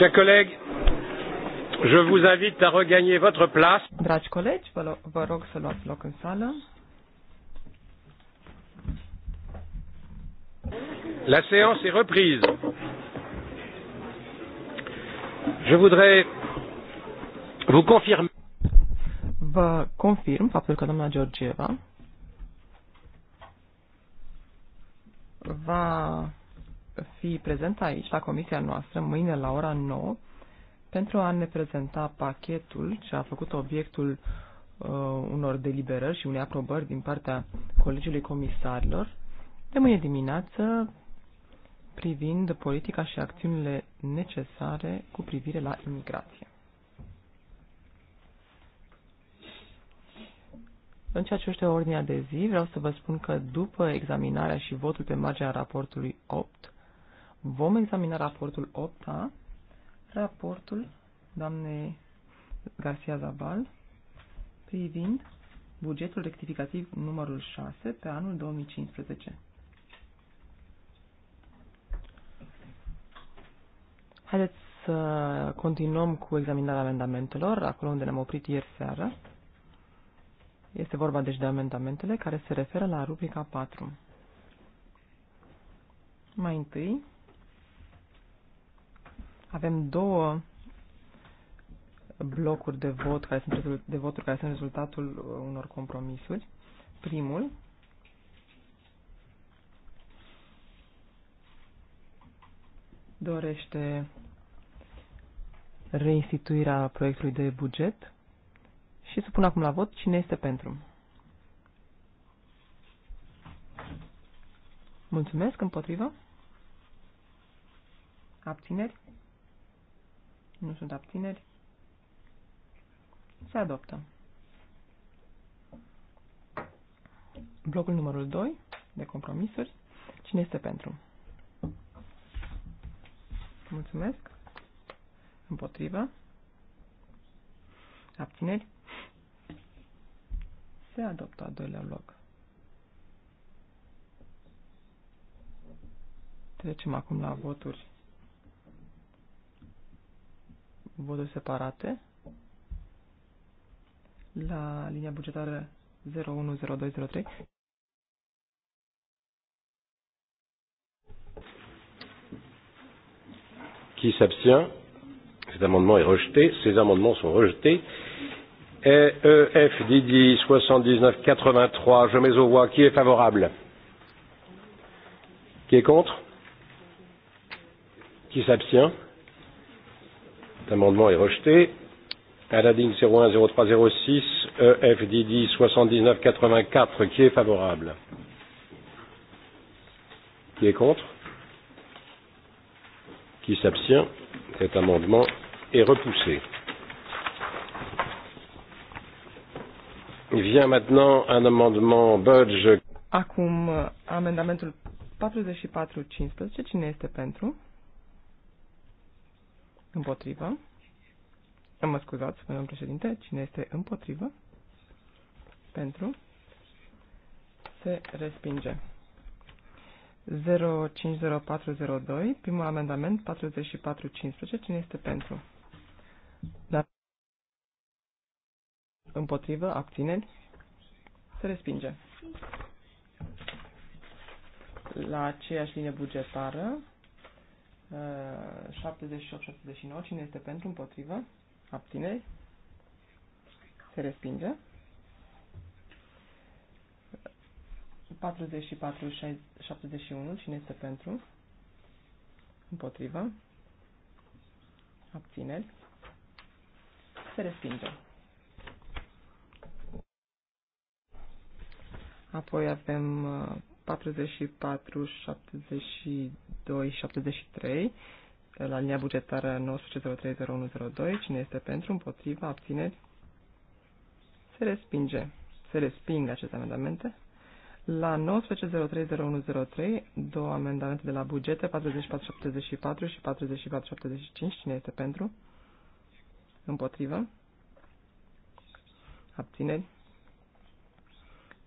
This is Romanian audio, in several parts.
Chers collègues, je vous invite à regagner votre place. Dragi colegi, vă, vă rog să luați loc în sală. La séance est reprise. Je voudrais vous confirmer. Vă confirm faptul că doamna Georgieva va fi prezent aici, la comisia noastră, mâine la ora 9, pentru a ne prezenta pachetul ce a făcut obiectul uh, unor deliberări și unei aprobări din partea Colegiului Comisarilor de mâine dimineață privind politica și acțiunile necesare cu privire la imigrație. În ceea ce este ordinea de zi, vreau să vă spun că după examinarea și votul pe marginea raportului 8, Vom examina raportul 8A, raportul doamnei Garcia Zabal privind bugetul rectificativ numărul 6 pe anul 2015. Haideți să continuăm cu examinarea amendamentelor, acolo unde ne-am oprit ieri seară. Este vorba deci de amendamentele care se referă la rubrica 4. Mai întâi, avem două blocuri de vot care sunt, de voturi care sunt rezultatul unor compromisuri. Primul dorește reinstituirea proiectului de buget și supun acum la vot cine este pentru. Mulțumesc, împotrivă. Abțineri nu sunt abțineri, se adoptă. Blocul numărul 2 de compromisuri. Cine este pentru? Mulțumesc. Împotrivă. Abțineri. Se adoptă al doilea loc. Trecem acum la voturi voturi separate la linia bugetară 010203. Qui s'abstient Cet amendement est rejeté. Ces amendements sont rejetés. EF Didi 7983, je mets aux voix. Qui est favorable Qui est contre Qui s'abstient amendement est rejeté. ligne 010306, EFDD 7984, qui est favorable Qui est contre Qui s'abstient Cet amendement est repoussé. Vient maintenant un amendement Budge. Acum, amendamentul 44-15, cine este pentru Împotrivă. Mă scuzați, domnul președinte, cine este împotrivă? Pentru. Se respinge. 050402, primul amendament 4415, cine este pentru? Da. Împotrivă, abțineri, se respinge. La aceeași linie bugetară, 78-79. Eh, Cine este pentru? Împotrivă? Abțineri? Se respinge. 44-71. Cine este pentru? Împotrivă? Abțineri? Se respinge. Apoi avem eh, 44, 72, 73 la linia bugetară 9030102 Cine este pentru, împotriva, abțineri? Se respinge. Se resping aceste amendamente. La 19030103, două amendamente de la bugete, 4474 și 4475. Cine este pentru? Împotrivă? Abțineri?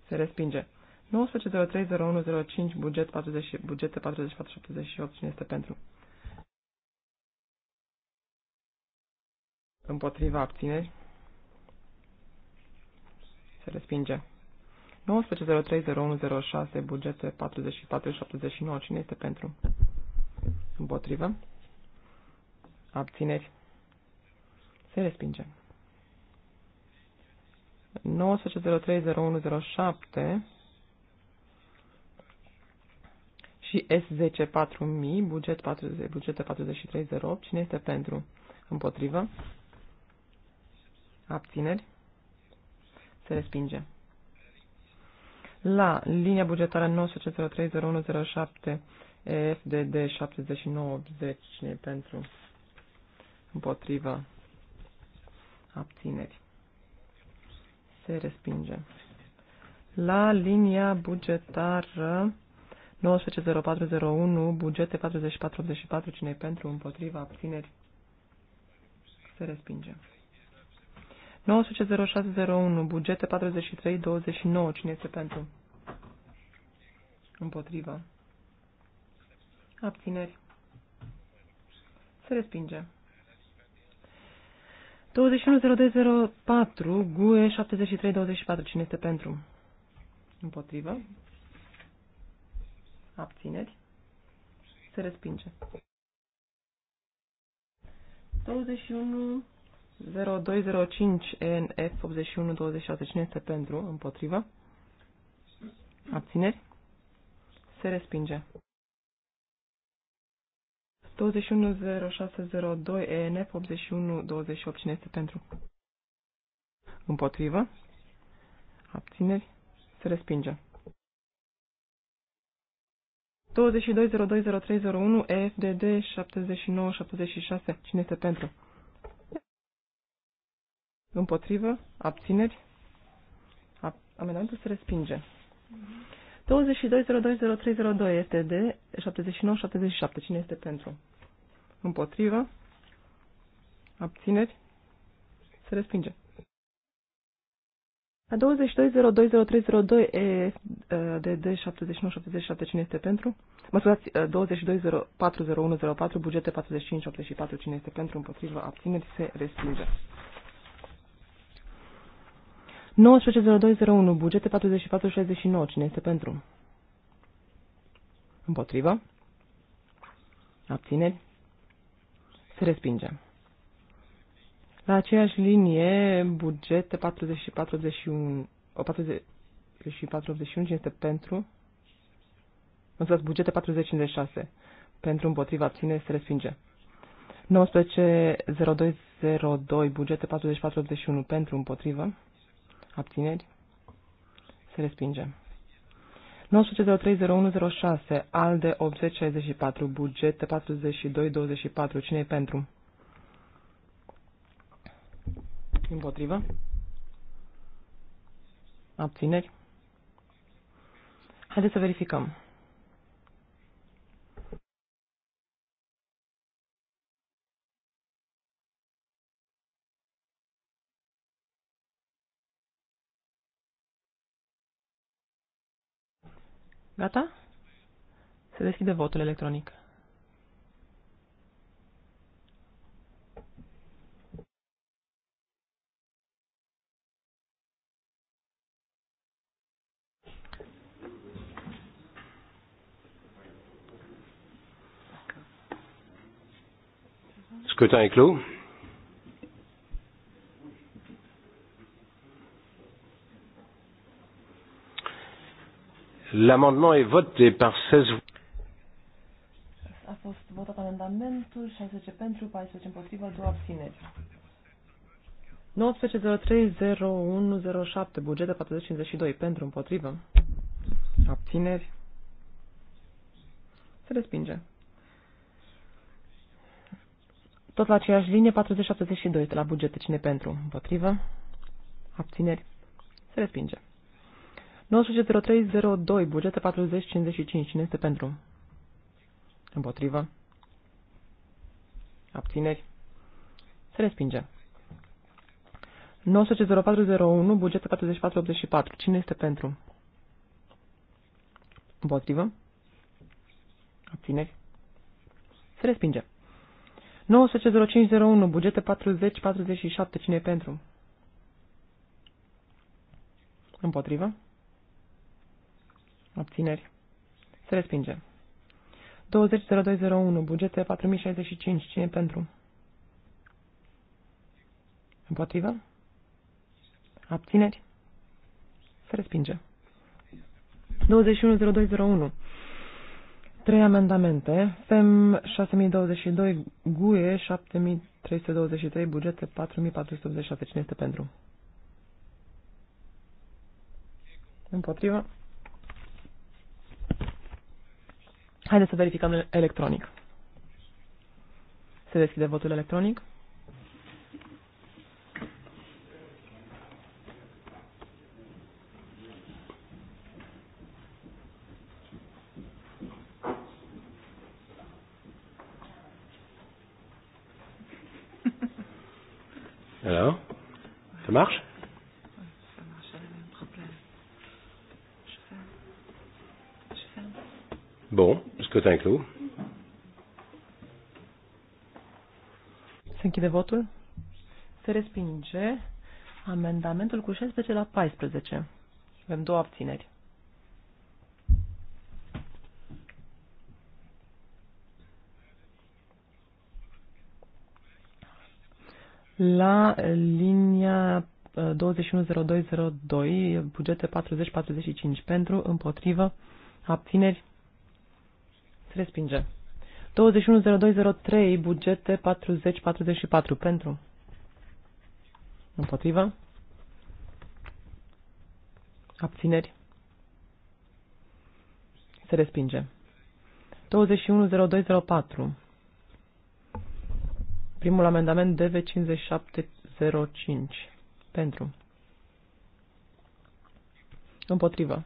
Se respinge. 19.03.01.05, buget 40, bugete 4478, cine este pentru? Împotriva abțineri. Se respinge. 19.03.01.06, bugete 4479, cine este pentru? Împotrivă. Abțineri. Se respinge. 1903 și S10 4000, buget 40, bugete 4308. Cine este pentru? Împotrivă? Abțineri? Se respinge. La linia bugetară 9030107 EFDD 7980 cine pentru? Împotrivă? Abțineri? Se respinge. La linia bugetară 190401, bugete 4484, cine pentru, împotriva, abțineri, se respinge. 190601, bugete 4329, cine este pentru, împotriva, abțineri, se respinge. 210204, GUE 7324, cine este pentru? Împotriva, Abțineri. Se respinge. 210205 nf ENF Cine este pentru? Împotrivă. Abțineri. Se respinge. 210602 ENF 8128 cine este pentru? Împotrivă. Abțineri. Se respinge. 22020301 EFDD 7976. Cine este pentru? Împotrivă? Abțineri? Amendamentul se respinge. 22020302 EFDD 7977. Cine este pentru? Împotrivă? Abțineri? Se respinge. La 22.02.03.02 e de, d 79.77 cine este pentru? Mă scuzați, 22.04.01.04 bugete 45.84 cine este pentru împotriva abțineri se respinge. 19.02.01 bugete 44.69 cine este pentru? Împotriva? Abțineri? Se respinge. La aceeași linie, bugete 40 și 41, 40 și 41 este pentru, însă bugete 4056 pentru împotriva ține se respinge. 19.02.02, bugete 44.81 pentru împotrivă, abțineri, se respinge. 19.03.01.06, ALDE 864, bugete 42.24, cine e pentru? potrivă. Abțineri? Haideți să verificăm. Gata? Se deschide votul electronic. Scrutin est clos. L'amendement est voté par 16 voix. A fost votat amendamentul 16 pentru, 14 împotriva, 2 abțineri. 19.03.01.07, buget de 452, pentru împotrivă. Abțineri. Se respinge. Tot la aceeași linie, 4072 de la bugete. Cine pentru? Împotrivă? Abțineri? Se respinge. 90302, bugete 4055. Cine este pentru? Împotrivă? Abțineri? Se respinge. 90401, bugete 4484. Cine este pentru? Împotrivă? Abțineri? Se respinge. 190501, bugete 40-47, cine e pentru? Împotrivă? Abțineri. Se respinge. 200201, bugete 4065, cine e pentru? Împotrivă? Abțineri? Se respinge. 210201, Trei amendamente. FEM 6022, GUE 7323, bugete 4487. Cine este pentru? Împotrivă. Haideți să verificăm electronic. Se deschide votul electronic. marche Bon, est-ce que le scrutin est clos. Se închide votul. Se respinge amendamentul cu 16 la 14. Avem două abțineri. La lin linia 210202, uh, bugete 40-45 pentru, împotrivă, abțineri, se respinge. 210203, bugete 40-44 pentru, împotrivă, abțineri, se respinge. 210204, primul amendament DV 57 05 pentru. Împotrivă.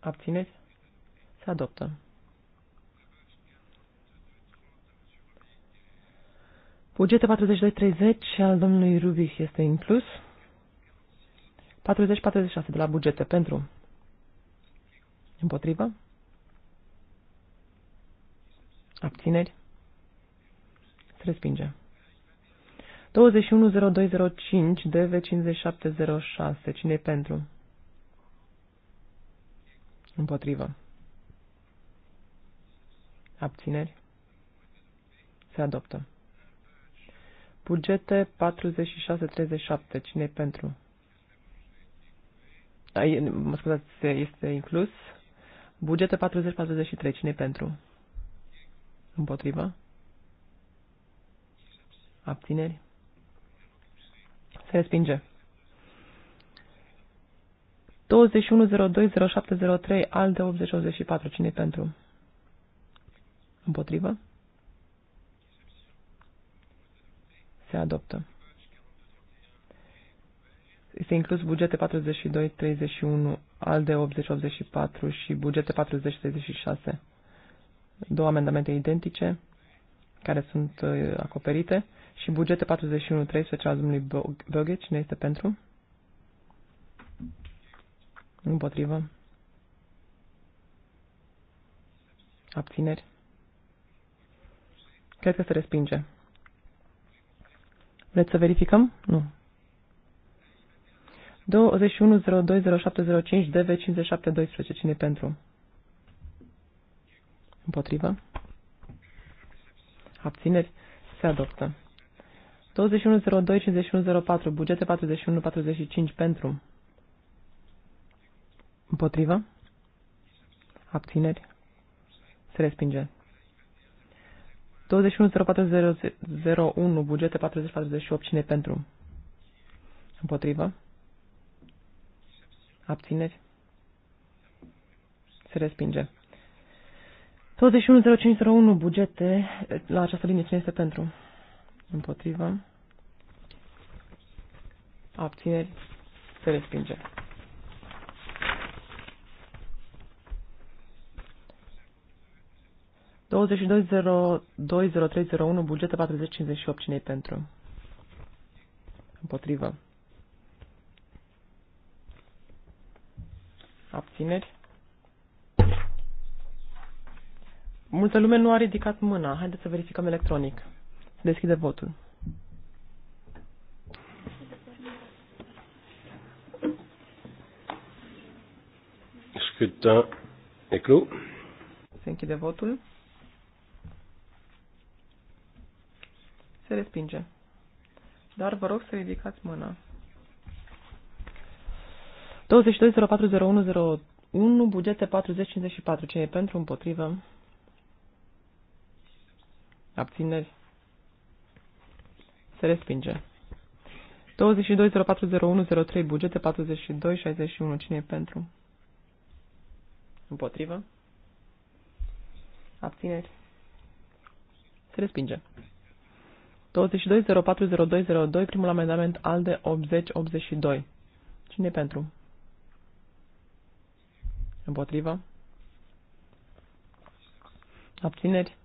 Abțineți? Se adoptă. Bugete 42-30 al domnului Rubic este inclus. 40-46 de la bugete pentru. Împotrivă. Abțineri. Se respinge. 210205 DV 5706. cine pentru? Împotrivă. Abțineri. Se adoptă. Bugete 4637. cine pentru? A, da, e, mă scuzați, este inclus. Bugete 4043. cine pentru? Împotrivă. Abțineri. Se respinge. 21020703 al de 8084. Cine pentru? Împotrivă? Se adoptă. Este inclus bugete 4231 al de 80.84 și bugete 4036. Două amendamente identice care sunt uh, acoperite. Și bugete 41, 13 al domnului Böge, cine este pentru? Împotrivă. Abțineri. Cred că se respinge. Vreți să verificăm? Nu. 21020705 DV5712. Cine pentru? Împotrivă. Abțineri. Se adoptă. 21.02.51.04, bugete 41.45 pentru. Împotrivă? Abțineri? Se respinge. 210401, bugete 4048, cine pentru? Împotrivă? Abțineri? Se respinge. 210501, bugete, la această linie cine este pentru? Împotrivă? abțineri, se respinge. unu bugete 4058, cine pentru? Împotrivă. Abțineri. Multă lume nu a ridicat mâna. Haideți să verificăm electronic. deschide votul. Scrutin e clos. Se închide votul. Se respinge. Dar vă rog să ridicați mâna. 22040101 bugete 4054. Ce e pentru, împotrivă? Abțineri. Se respinge. 22040103 bugete 4261. Cine e pentru? Împotrivă. Abțineri. Se respinge. 22.04.02.02, primul amendament al de 80.82. Cine e pentru? Împotrivă. Abțineri.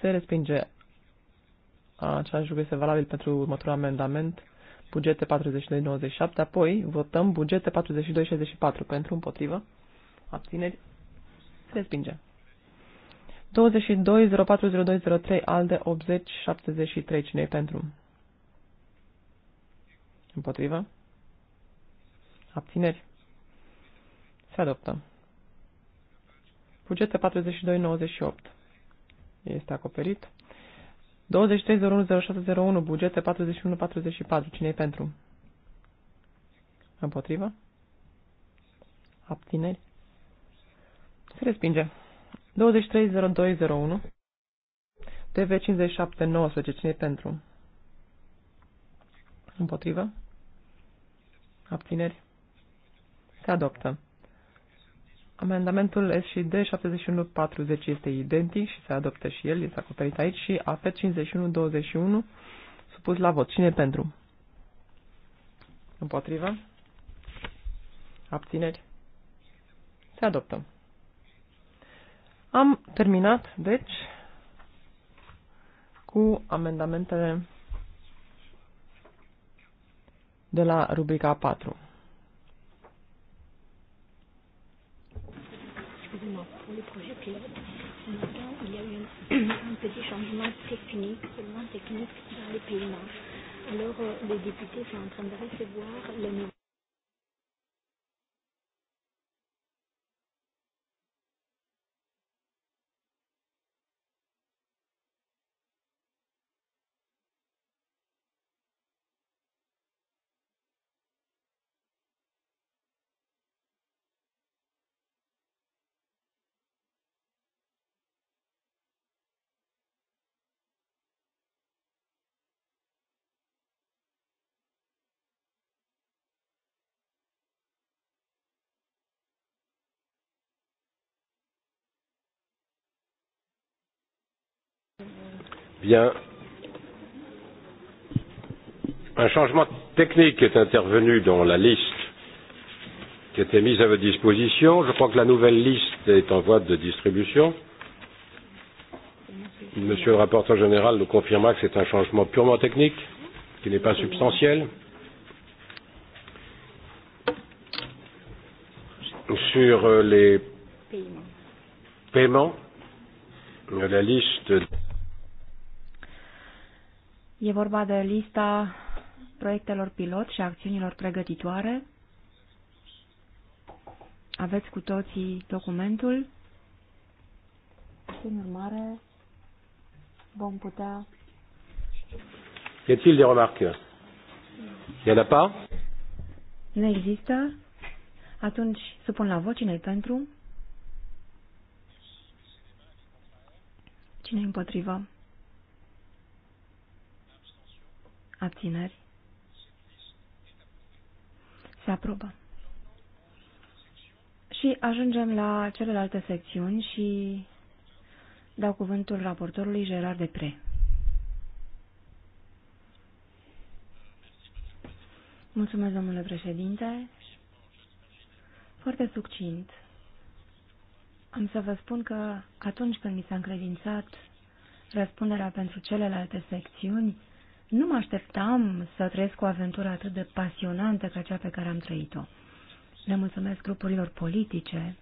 Se respinge. Același lucru este valabil pentru următorul amendament. Bugete 42.97, apoi votăm bugete 42.64 pentru împotrivă abțineri, se respinge. 22.04.02.03 al de 80.73 cine pentru? Împotrivă? Abțineri? Se adoptă. Bugete 42.98 este acoperit. 23.01.06.01 bugete 41.44 cine pentru? Împotrivă? Abțineri? Se respinge. 230201 TV 5719. Cine pentru? Împotrivă? Abțineri? Se adoptă. Amendamentul S și D 7140 este identic și se adoptă și el, este acoperit aici și AF 5121 supus la vot. Cine pentru? Împotrivă? Abțineri? Se adoptă. Am terminat, deci, cu amendamentele de la rubrica 4. Alors, euh, les députés sont en train de recevoir le nouveau. Bien. Un changement technique est intervenu dans la liste qui était mise à votre disposition. Je crois que la nouvelle liste est en voie de distribution. Monsieur le rapporteur général nous confirma que c'est un changement purement technique, qui n'est pas substantiel. Sur euh, les paiements, la liste E vorba de lista proiectelor pilot și acțiunilor pregătitoare. Aveți cu toții documentul. Prin urmare, vom putea... Y a-t-il des remarques Y en a pas Nu există. Atunci, supun la voce cine pentru? Cine împotriva? Abțineri. Se aprobă. Și ajungem la celelalte secțiuni și dau cuvântul raportorului Gerard Depre. Mulțumesc, domnule președinte. Foarte succint. Am să vă spun că atunci când mi s-a încredințat răspunderea pentru celelalte secțiuni, nu mă așteptam să trăiesc o aventură atât de pasionantă ca cea pe care am trăit-o. Le mulțumesc grupurilor politice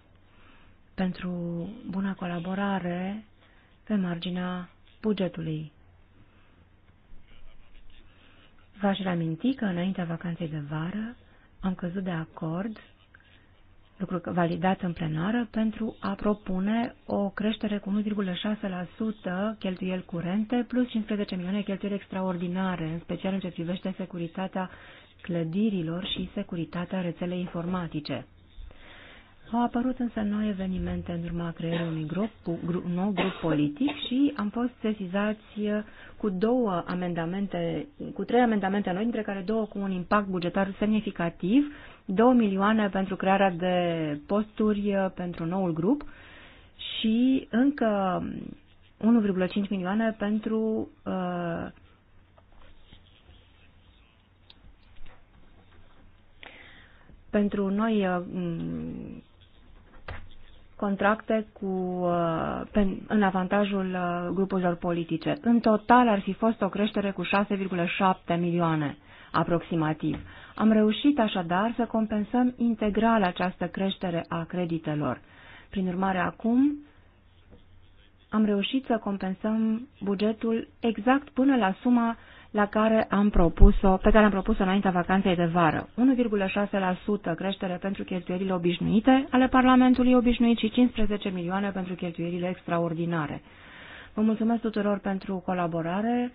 pentru buna colaborare pe marginea bugetului. V-aș reaminti că înaintea vacanței de vară am căzut de acord lucru validat în plenară, pentru a propune o creștere cu 1,6% cheltuieli curente plus 15 milioane cheltuieli extraordinare, în special în ce privește securitatea clădirilor și securitatea rețelei informatice. Au apărut însă noi evenimente în urma creării unui grup, grup, nou grup politic și am fost sesizați cu două amendamente, cu trei amendamente noi, dintre care două cu un impact bugetar semnificativ, 2 milioane pentru crearea de posturi uh, pentru noul grup și încă 1,5 milioane pentru uh, pentru noi uh, contracte cu, uh, pe, în avantajul uh, grupurilor politice. În total ar fi fost o creștere cu 6,7 milioane aproximativ. Am reușit așadar să compensăm integral această creștere a creditelor. Prin urmare, acum am reușit să compensăm bugetul exact până la suma la care am propus-o, pe care am propus-o înaintea vacanței de vară. 1,6% creștere pentru cheltuielile obișnuite ale Parlamentului obișnuit și 15 milioane pentru cheltuielile extraordinare. Vă mulțumesc tuturor pentru colaborare,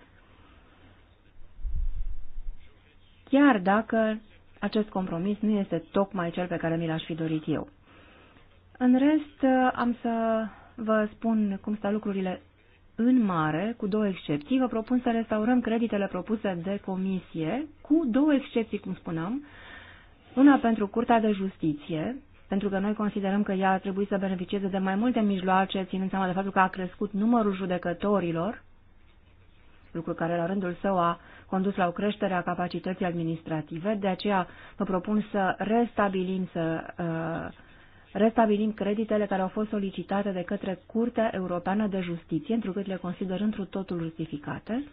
chiar dacă acest compromis nu este tocmai cel pe care mi l-aș fi dorit eu. În rest, am să vă spun cum stau lucrurile în mare, cu două excepții. Vă propun să restaurăm creditele propuse de comisie, cu două excepții, cum spuneam. Una pentru Curtea de Justiție, pentru că noi considerăm că ea ar trebui să beneficieze de mai multe mijloace, ținând seama de faptul că a crescut numărul judecătorilor lucru care la rândul său a condus la o creștere a capacității administrative, de aceea vă propun să restabilim, să, uh, restabilim creditele care au fost solicitate de către Curtea Europeană de Justiție, întrucât le consider întru totul justificate.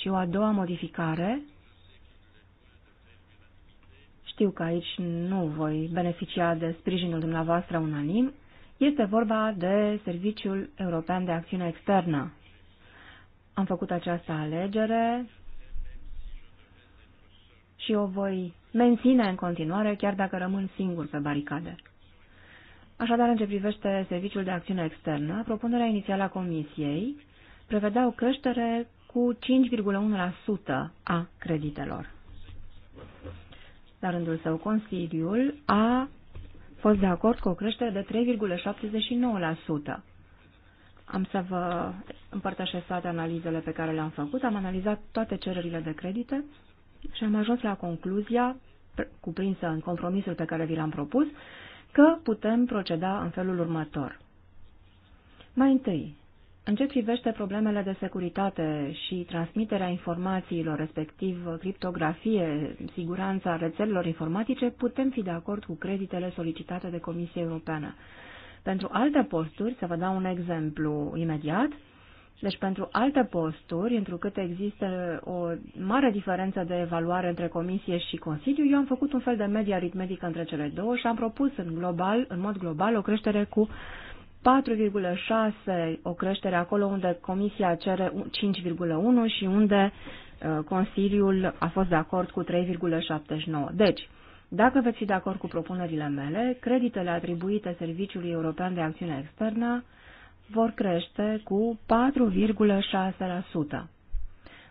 Și o a doua modificare, știu că aici nu voi beneficia de sprijinul dumneavoastră unanim, este vorba de Serviciul European de Acțiune Externă. Am făcut această alegere și o voi menține în continuare, chiar dacă rămân singur pe baricade. Așadar, în ce privește Serviciul de Acțiune Externă, propunerea inițială a Comisiei prevedea o creștere cu 5,1% a creditelor. La rândul său, Consiliul a fost de acord cu o creștere de 3,79%. Am să vă împărtășesc toate analizele pe care le-am făcut. Am analizat toate cererile de credite și am ajuns la concluzia, cuprinsă în compromisul pe care vi l-am propus, că putem proceda în felul următor. Mai întâi, în ce privește problemele de securitate și transmiterea informațiilor, respectiv criptografie, siguranța rețelelor informatice, putem fi de acord cu creditele solicitate de Comisia Europeană. Pentru alte posturi, să vă dau un exemplu imediat, deci pentru alte posturi, întrucât există o mare diferență de evaluare între comisie și Consiliu, eu am făcut un fel de medie aritmetică între cele două și am propus în, global, în mod global o creștere cu 4,6, o creștere acolo unde comisia cere 5,1 și unde uh, Consiliul a fost de acord cu 3,79. Deci, dacă veți fi de acord cu propunerile mele, creditele atribuite Serviciului European de Acțiune Externă vor crește cu 4,6%.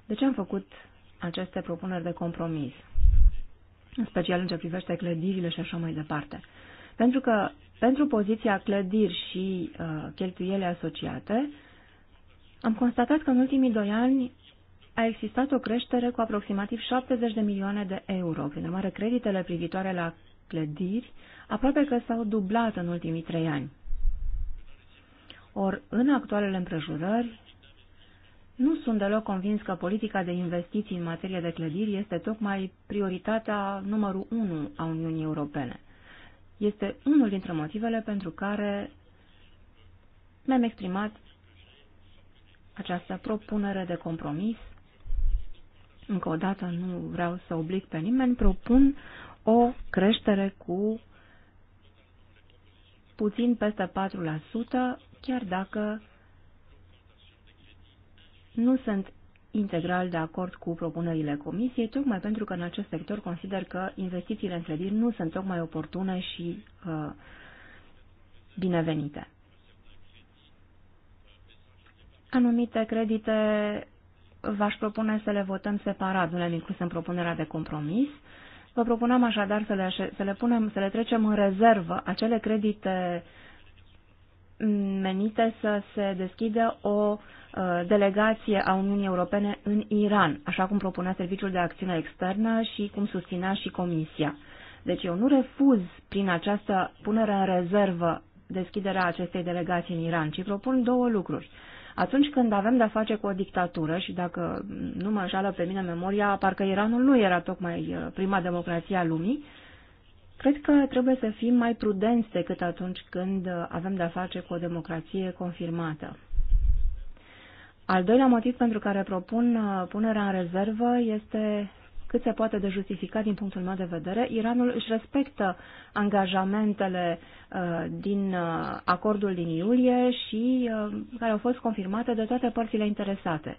De ce am făcut aceste propuneri de compromis? În special în ce privește clădirile și așa mai departe. Pentru că pentru poziția clădiri și uh, cheltuiele asociate, am constatat că în ultimii doi ani a existat o creștere cu aproximativ 70 de milioane de euro. Prin urmare, creditele privitoare la clădiri aproape că s-au dublat în ultimii trei ani. Or, în actualele împrejurări, nu sunt deloc convins că politica de investiții în materie de clădiri este tocmai prioritatea numărul 1 a Uniunii Europene. Este unul dintre motivele pentru care mi-am exprimat această propunere de compromis încă o dată nu vreau să oblig pe nimeni, propun o creștere cu puțin peste 4%, chiar dacă nu sunt integral de acord cu propunerile comisiei, tocmai pentru că în acest sector consider că investițiile în clădiri nu sunt tocmai oportune și uh, binevenite. Anumite credite v-aș propune să le votăm separat, nu le-am inclus în propunerea de compromis. Vă propunem, așadar să le, să le, punem, să le trecem în rezervă acele credite menite să se deschidă o uh, delegație a Uniunii Europene în Iran, așa cum propunea Serviciul de Acțiune Externă și cum susținea și Comisia. Deci eu nu refuz prin această punere în rezervă deschiderea acestei delegații în Iran, ci propun două lucruri. Atunci când avem de-a face cu o dictatură și dacă nu mă înșală pe mine memoria, parcă Iranul nu era tocmai uh, prima democrație a lumii, cred că trebuie să fim mai prudenți decât atunci când uh, avem de-a face cu o democrație confirmată. Al doilea motiv pentru care propun uh, punerea în rezervă este cât se poate de justificat din punctul meu de vedere, Iranul își respectă angajamentele uh, din uh, acordul din iulie și uh, care au fost confirmate de toate părțile interesate.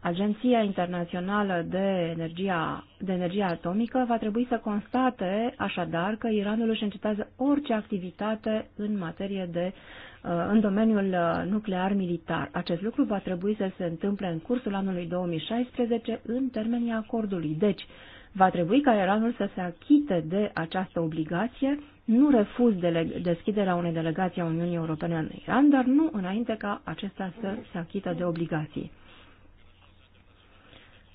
Agenția Internațională de, Energia, de Energie Atomică va trebui să constate așadar că Iranul își încetează orice activitate în materie de uh, Uh, în domeniul uh, nuclear militar. Acest lucru va trebui să se întâmple în cursul anului 2016 în termenii acordului. Deci, va trebui ca Iranul să se achite de această obligație. Nu refuz de deschiderea unei delegații a Uniunii Europene în Iran, dar nu înainte ca acesta să se achită de obligații.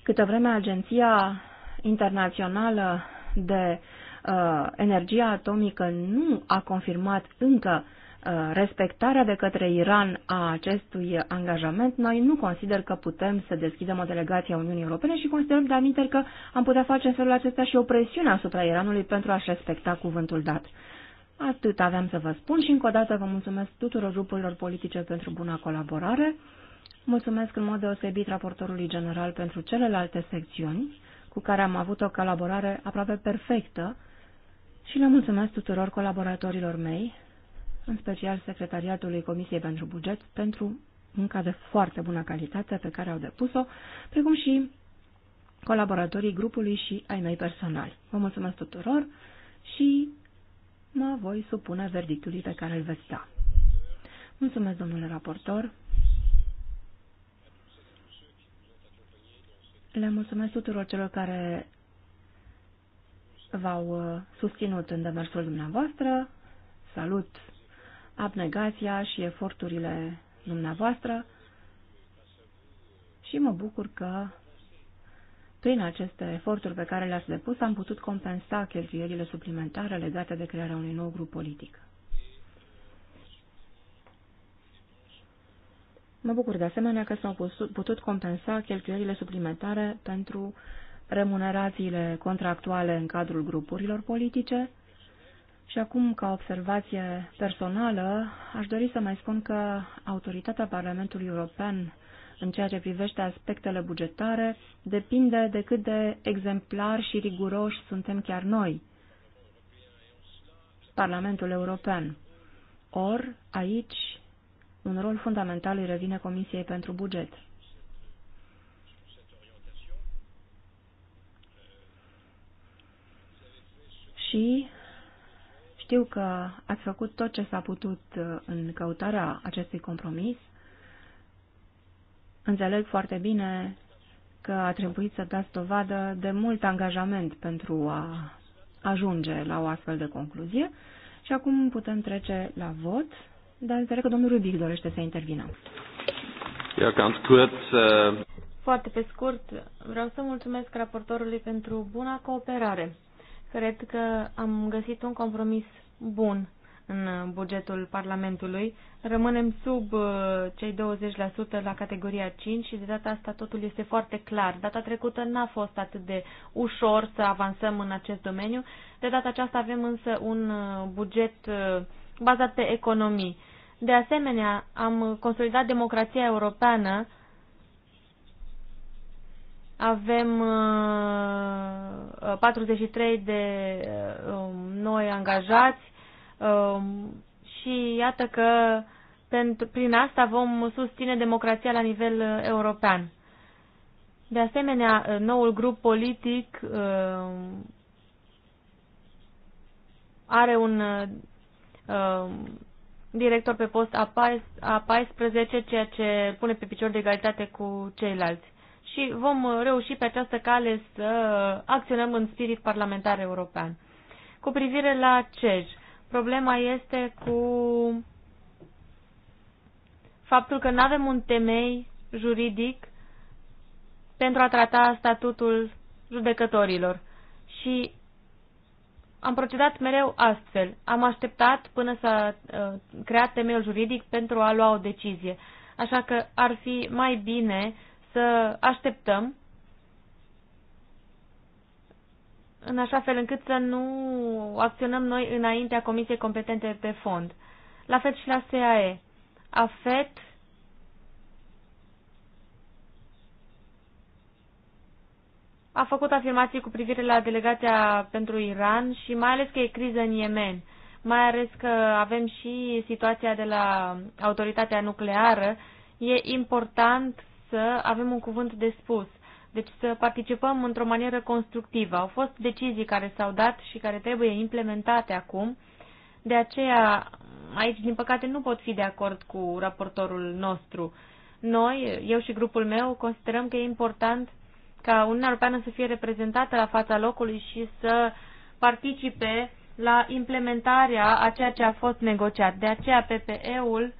Câte vreme Agenția Internațională de uh, Energie Atomică nu a confirmat încă uh, Uh, respectarea de către Iran a acestui angajament, noi nu consider că putem să deschidem o delegație a Uniunii Europene și considerăm de aminte că am putea face în felul acesta și o presiune asupra Iranului pentru a-și respecta cuvântul dat. Atât aveam să vă spun și încă o dată vă mulțumesc tuturor grupurilor politice pentru buna colaborare. Mulțumesc în mod deosebit raportorului general pentru celelalte secțiuni cu care am avut o colaborare aproape perfectă și le mulțumesc tuturor colaboratorilor mei, în special Secretariatului Comisiei pentru Buget, pentru munca de foarte bună calitate pe care au depus-o, precum și colaboratorii grupului și ai mei personali. Vă mulțumesc tuturor și mă voi supune verdictului pe care îl veți da. Mulțumesc, domnule raportor. Le mulțumesc tuturor celor care v-au uh, susținut în demersul dumneavoastră. Salut abnegația și eforturile dumneavoastră și mă bucur că prin aceste eforturi pe care le-ați depus am putut compensa cheltuielile suplimentare legate de crearea unui nou grup politic. Mă bucur de asemenea că s-au putut compensa cheltuielile suplimentare pentru remunerațiile contractuale în cadrul grupurilor politice, și acum, ca observație personală, aș dori să mai spun că autoritatea Parlamentului European în ceea ce privește aspectele bugetare depinde de cât de exemplar și riguroși suntem chiar noi, Parlamentul European. Or, aici, un rol fundamental îi revine Comisiei pentru Buget. Și știu că ați făcut tot ce s-a putut uh, în căutarea acestui compromis. Înțeleg foarte bine că a trebuit să dați dovadă de mult angajament pentru a ajunge la o astfel de concluzie. Și acum putem trece la vot, dar înțeleg că domnul Rubic dorește să intervină. Uh, foarte pe scurt, vreau să mulțumesc raportorului pentru buna cooperare. Cred că am găsit un compromis bun în bugetul Parlamentului. Rămânem sub uh, cei 20% la categoria 5 și de data asta totul este foarte clar. Data trecută n-a fost atât de ușor să avansăm în acest domeniu. De data aceasta avem însă un uh, buget uh, bazat pe economii. De asemenea, am consolidat democrația europeană. Avem uh, 43 uh, de uh, um, noi angajați um, și iată că pentru, prin asta vom susține democrația la nivel uh, european. De asemenea, noul grup politic are un um, director pe post a 14, ceea ce pune pe picior de egalitate cu ceilalți și vom reuși pe această cale să acționăm în spirit parlamentar european. Cu privire la CEJ, problema este cu faptul că nu avem un temei juridic pentru a trata statutul judecătorilor. Și am procedat mereu astfel. Am așteptat până s-a uh, creat temeiul juridic pentru a lua o decizie. Așa că ar fi mai bine să așteptăm în așa fel încât să nu acționăm noi înaintea comisiei competente pe fond. La fel și la SAE. AFET a făcut afirmații cu privire la delegația pentru Iran și mai ales că e criză în Yemen, mai ales că avem și situația de la autoritatea nucleară. E important să avem un cuvânt de spus. Deci să participăm într-o manieră constructivă. Au fost decizii care s-au dat și care trebuie implementate acum. De aceea, aici, din păcate, nu pot fi de acord cu raportorul nostru. Noi, eu și grupul meu, considerăm că e important ca Uniunea Europeană să fie reprezentată la fața locului și să participe la implementarea a ceea ce a fost negociat. De aceea PPE-ul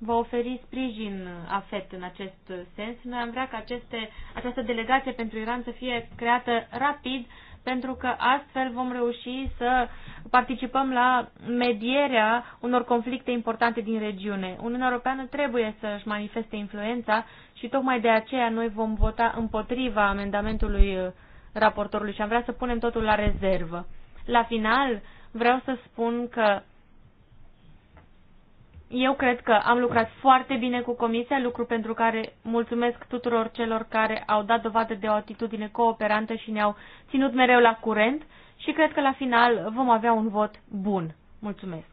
va oferi sprijin uh, AFET în acest uh, sens. Noi am vrea ca aceste, această delegație pentru Iran să fie creată rapid, pentru că astfel vom reuși să participăm la medierea unor conflicte importante din regiune. Uniunea Europeană trebuie să-și manifeste influența și tocmai de aceea noi vom vota împotriva amendamentului uh, raportorului și am vrea să punem totul la rezervă. La final, vreau să spun că eu cred că am lucrat foarte bine cu comisia, lucru pentru care mulțumesc tuturor celor care au dat dovadă de o atitudine cooperantă și ne-au ținut mereu la curent și cred că la final vom avea un vot bun. Mulțumesc.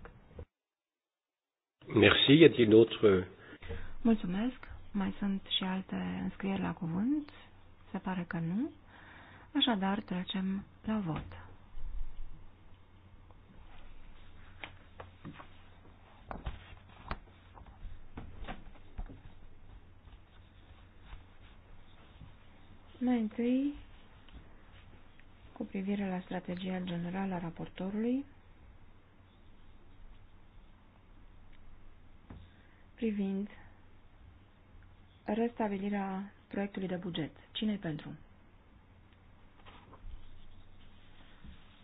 Merci. Y a-t-il d'autres? Mulțumesc. Mai sunt și alte înscrieri la cuvânt? Se pare că nu. Așadar, trecem la vot. Mai întâi, cu privire la strategia generală a raportorului, privind restabilirea proiectului de buget. Cine-i pentru?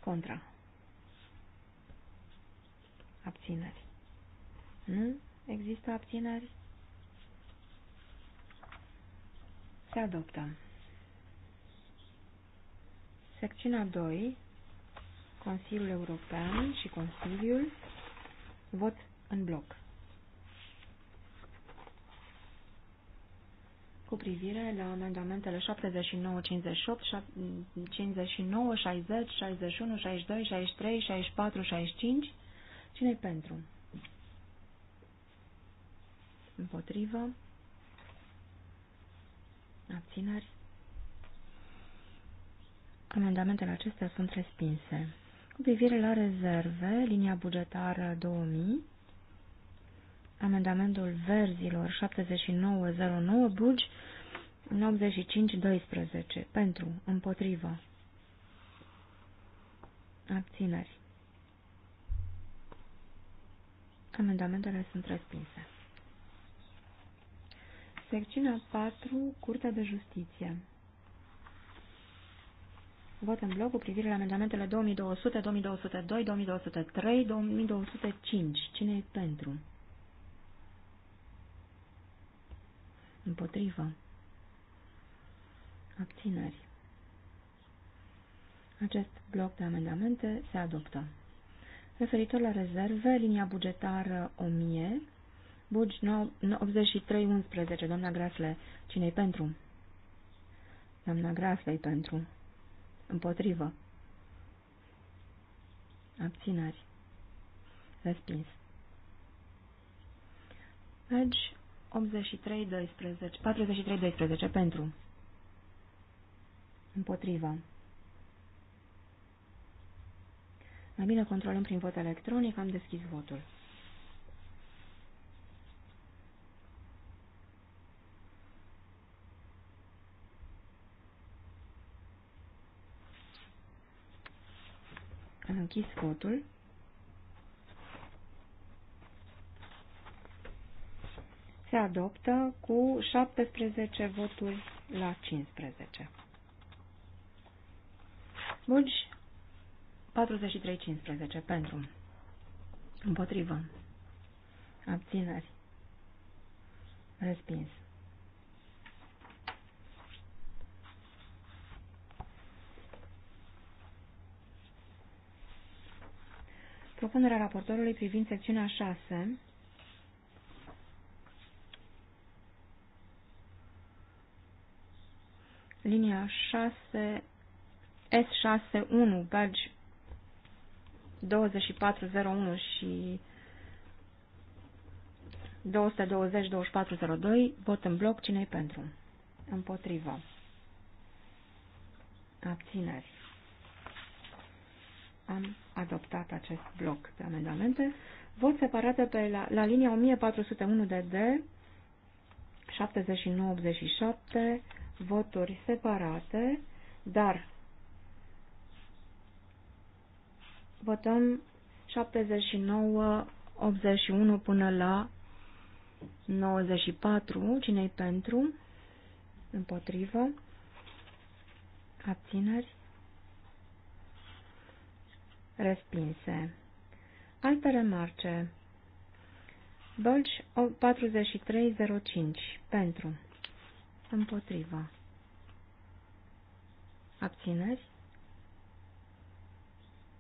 Contra. Abțineri. Nu există abțineri? Se adoptă. Secțiunea 2, Consiliul European și Consiliul, vot în bloc. Cu privire la amendamentele 79, 58, 59, 60, 61, 62, 63, 64, 65, cine pentru? Împotrivă? Abțineri? Amendamentele acestea sunt respinse. Cu privire la rezerve, linia bugetară 2000, amendamentul verzilor 7909, bugi 8512, pentru, împotrivă, abțineri. Amendamentele sunt respinse. Secțiunea 4, Curtea de Justiție. Vot în bloc cu privire la amendamentele 2200, 2202, 2203, 2205. Cine e pentru? Împotrivă. Abțineri. Acest bloc de amendamente se adoptă. Referitor la rezerve, linia bugetară 1000, bugi 83-11, doamna Grasle, cine pentru? Doamna Grasle pentru. Împotrivă. Abținări. Respins. Legi 43-12 pentru. Împotrivă. Mai bine controlăm prin vot electronic, am deschis votul. Am închis votul. Se adoptă cu 17 voturi la 15. Bugi 43-15 pentru. Împotrivă. Abțineri. Respins. Propunerea raportorului privind secțiunea 6 linia 6 S61 badge 2401 și 220-2402, vot în bloc, cine pentru? Împotrivă. Abțineri am adoptat acest bloc de amendamente. Vot separate pe la, la linia 1401 de D, 7987, voturi separate, dar votăm 79-81 până la 94, cine pentru, împotrivă, abțineri, respinse. Alte remarce. Bălci 4305 pentru împotrivă. Abțineri?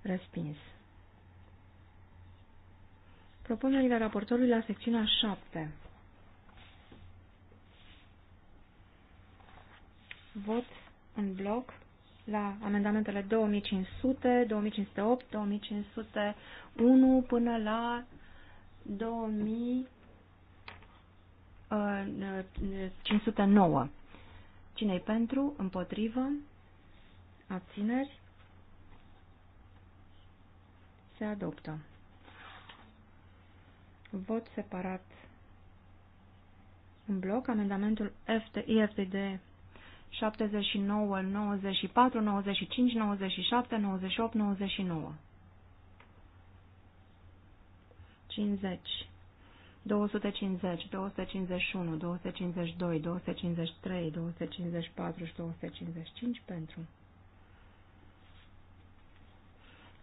Respins. Propunerile raportorului la secțiunea 7. Vot în bloc la amendamentele 2500, 2508, 2501 până la 2509. Uh, cine-i pentru? Împotrivă? Abțineri? Se adoptă. Vot separat în bloc. Amendamentul FT, IFTD 79, 94, 95, 97, 98, 99. 50. 250, 251, 252, 253, 254 și 255 pentru.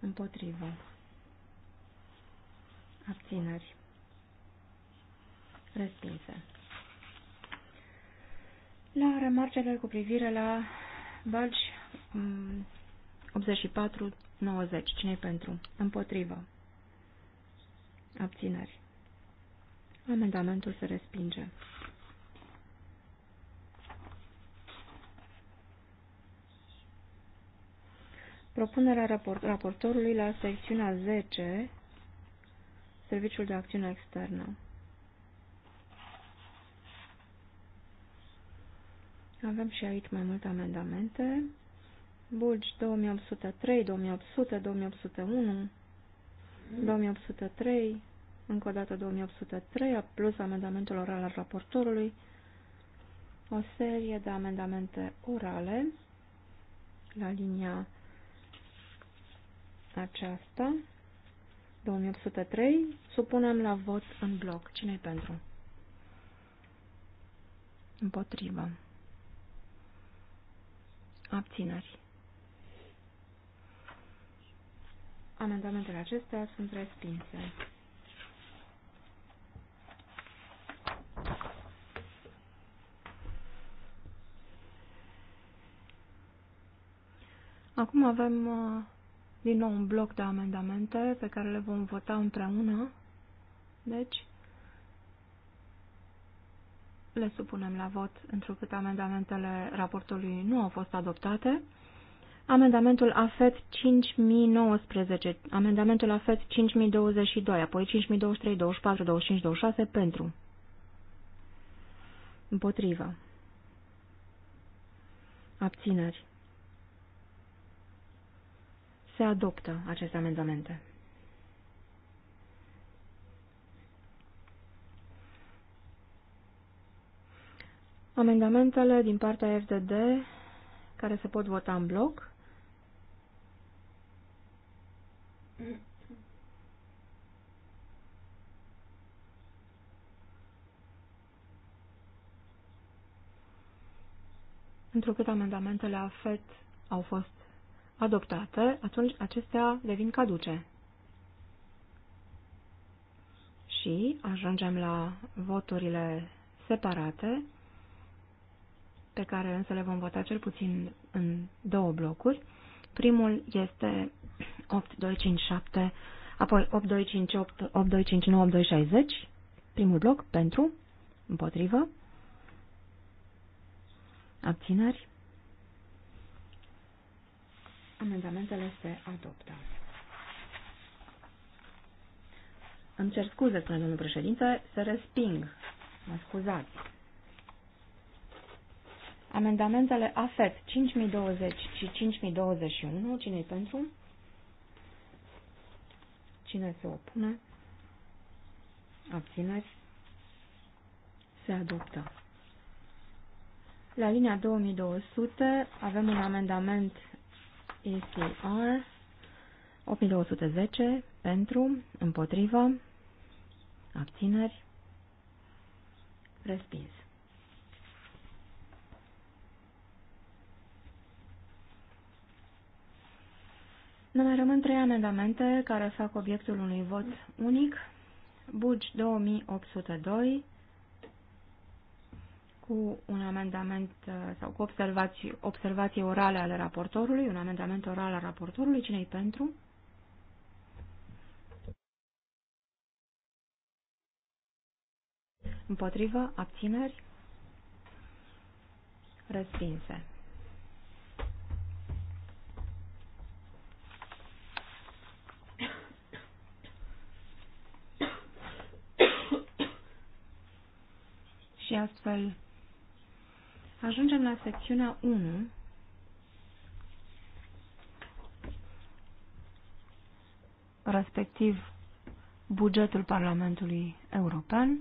Împotrivă. Abțineri. Respinse. La remarcele cu privire la bălci 84-90, cine pentru? Împotrivă. Abțineri. Amendamentul se respinge. Propunerea raport raportorului la secțiunea 10, Serviciul de Acțiune Externă. Avem și aici mai multe amendamente. Bulgi 2803, 2800, 2801, 2803, încă o dată 2803, plus amendamentul oral al raportorului, o serie de amendamente orale la linia aceasta, 2803, supunem la vot în bloc. cine pentru? Împotrivă abțineri. Amendamentele acestea sunt respinse. Acum avem uh, din nou un bloc de amendamente pe care le vom vota împreună. Deci, le supunem la vot, întrucât amendamentele raportului nu au fost adoptate. Amendamentul AFET 5019, amendamentul AFET 5022, apoi 5023, 24, 25, 26 pentru. Împotrivă. Abțineri. Se adoptă aceste amendamente. Amendamentele din partea FDD care se pot vota în bloc. Întrucât amendamentele AFET au fost adoptate, atunci acestea devin caduce. Și ajungem la voturile separate pe care însă le vom vota cel puțin în două blocuri. Primul este 8257, apoi 8258, 8259, 8260, primul bloc pentru, împotrivă, abțineri. Amendamentele se adoptă. Îmi cer scuze, spune domnul președinte, să resping. Mă scuzați. Amendamentele AFET 5020 și 5021, cine-i pentru? Cine se opune? Abțineri? Se adoptă. La linia 2200 avem un amendament ECR 8210 pentru, împotrivă, abțineri, respins. Ne mai rămân trei amendamente care fac obiectul unui vot unic. Bugi 2802 cu un amendament uh, sau cu observații, observații orale ale raportorului, un amendament oral al raportorului. Cine-i pentru? Împotrivă? Abțineri? Respinse. Și astfel ajungem la secțiunea 1 respectiv bugetul Parlamentului European.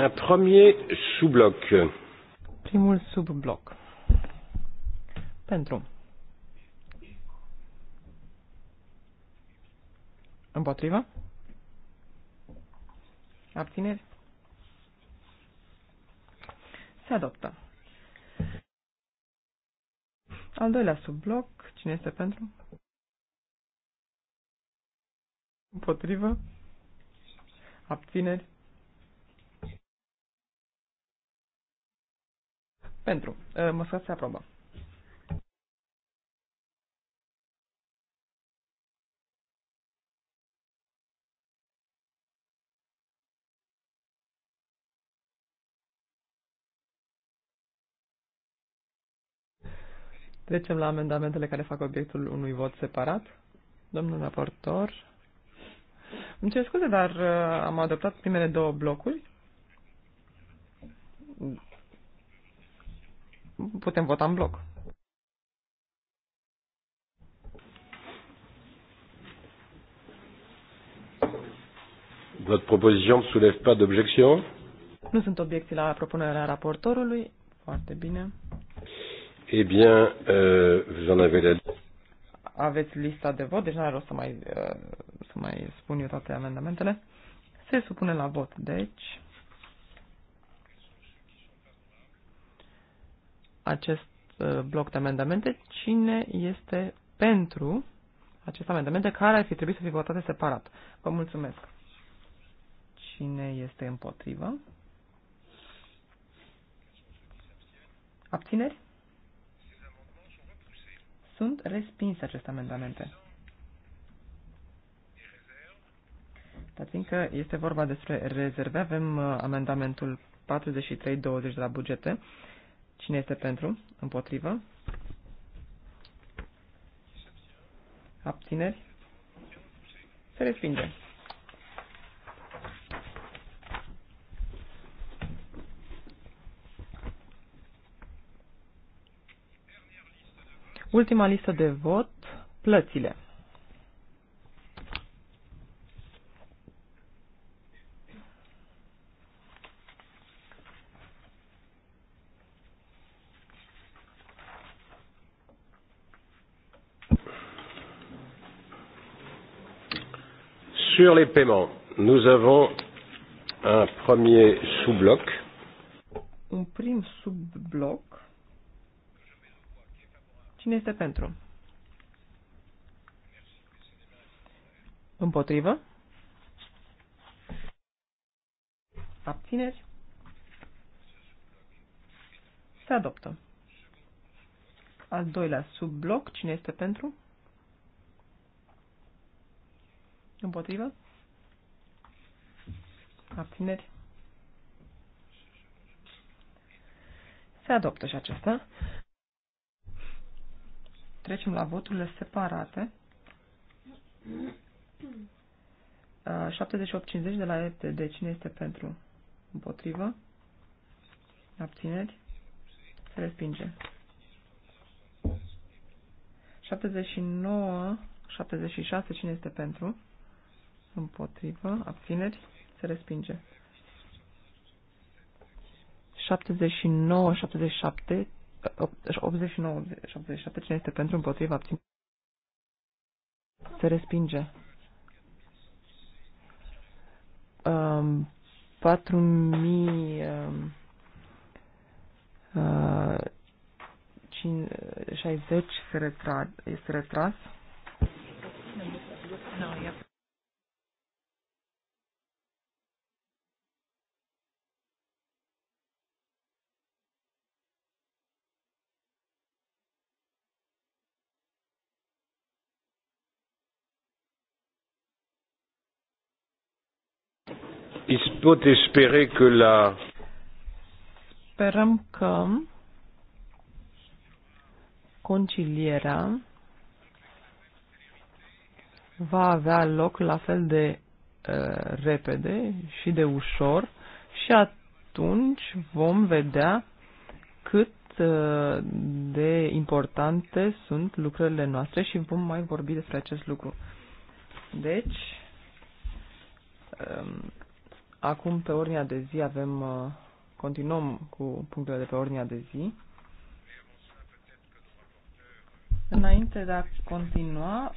Un premier sous-bloc. Primul sub-bloc. Pentru Împotrivă? Abțineri? Se adoptă. Al doilea subbloc, cine este pentru? Împotrivă? Abțineri? Pentru. Mă se aprobă. Trecem la amendamentele care fac obiectul unui vot separat. Domnul raportor. Îmi cer scuze, dar uh, am adoptat primele două blocuri. Putem vota în bloc. Votre proposition soulève pas d'objection? Nu sunt obiecții la propunerea raportorului. Foarte bine. Eh bien, euh, vous en avez la Aveți lista de vot, deci nu are rost să mai, uh, să mai spun eu toate amendamentele. Se supune la vot, deci. Acest uh, bloc de amendamente, cine este pentru aceste amendamente care ar fi trebuit să fie votate separat? Vă mulțumesc. Cine este împotrivă? Abțineri? Sunt respinse aceste amendamente. Dar fiindcă este vorba despre rezerve, avem uh, amendamentul 43-20 de la bugete. Cine este pentru? Împotrivă? Abțineri? Se respinge. Ultima listă de vot, plățile. Sur les paiements, nous avons un premier sous-bloc. Un prim sub-bloc Cine este pentru? Împotrivă? Abțineri? Se adoptă. Al doilea subbloc, cine este pentru? Împotrivă? Abțineri? Se adoptă și acesta. Trecem la voturile separate. 78.50 uh, de la de Cine este pentru? Împotrivă? Abțineri? Se respinge. 79, 76, cine este pentru? Împotrivă, abțineri, se respinge. 79, 77, 89, 87, cine este pentru, împotriva, abține. Se respinge. Um, 4000 um, uh, 60 se retra, este retras. No, yep. pot espérer que la... Sperăm că concilierea va avea loc la fel de uh, repede și de ușor și atunci vom vedea cât uh, de importante sunt lucrările noastre și vom mai vorbi despre acest lucru. Deci, um, Acum, pe ordinea de zi, avem, uh, continuăm cu punctele de pe ordinea de zi. Înainte de a continua,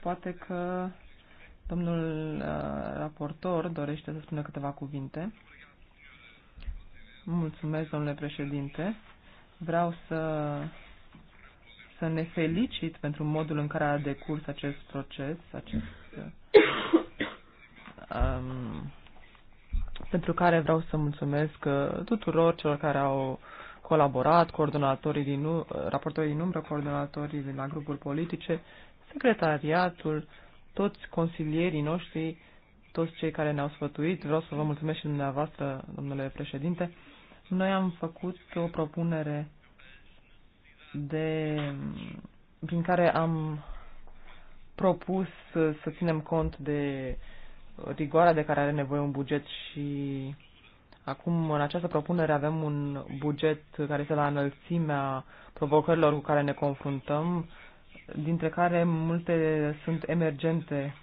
poate că domnul uh, raportor dorește să spună câteva cuvinte. Mulțumesc, domnule președinte. Vreau să, să ne felicit pentru modul în care a decurs acest proces, acest uh, um, pentru care vreau să mulțumesc uh, tuturor celor care au colaborat, coordonatorii din, uh, raportorii din umbră, coordonatorii din la grupuri politice, secretariatul, toți consilierii noștri, toți cei care ne-au sfătuit. Vreau să vă mulțumesc și dumneavoastră, domnule președinte. Noi am făcut o propunere de, prin care am propus să ținem cont de uh, rigoarea de care are nevoie un buget și acum în această propunere avem un buget care este la înălțimea provocărilor cu care ne confruntăm, dintre care multe sunt emergente.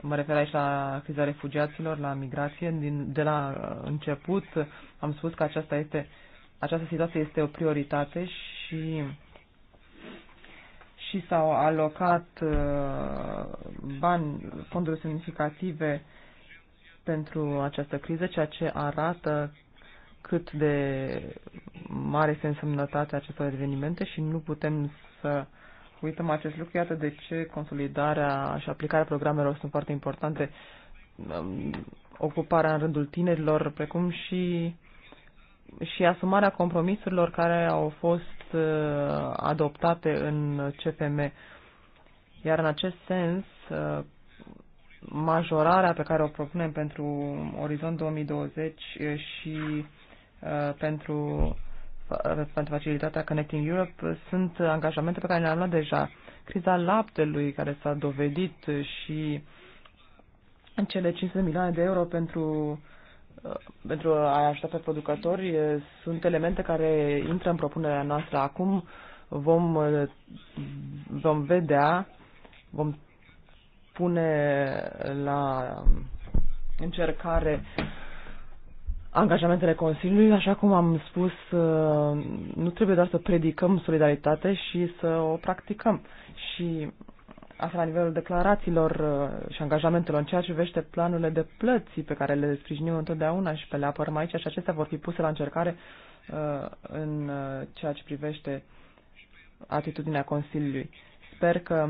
Mă refer aici la criza refugiaților, la migrație. Din, de la uh, început am spus că aceasta este, această situație este o prioritate și și s-au alocat uh, bani, fonduri semnificative pentru această criză, ceea ce arată cât de mare este însemnătatea acestor evenimente și nu putem să uităm acest lucru. Iată de ce consolidarea și aplicarea programelor sunt foarte importante, um, ocuparea în rândul tinerilor, precum și, și asumarea compromisurilor care au fost uh, adoptate în CFM. Iar în acest sens, uh, majorarea pe care o propunem pentru Orizont 2020 și uh, pentru, uh, pentru facilitatea Connecting Europe sunt angajamente pe care le-am luat deja. Criza laptelui care s-a dovedit și cele 500 milioane de euro pentru uh, pentru a ajuta pe producători sunt elemente care intră în propunerea noastră. Acum vom, vom vedea, vom pune la încercare angajamentele Consiliului, așa cum am spus, uh, nu trebuie doar să predicăm solidaritate și să o practicăm. Și asta la nivelul declarațiilor uh, și angajamentelor în ceea ce privește planurile de plăți pe care le sprijinim întotdeauna și pe le apărăm aici și acestea vor fi puse la încercare uh, în ceea ce privește atitudinea Consiliului. Sper că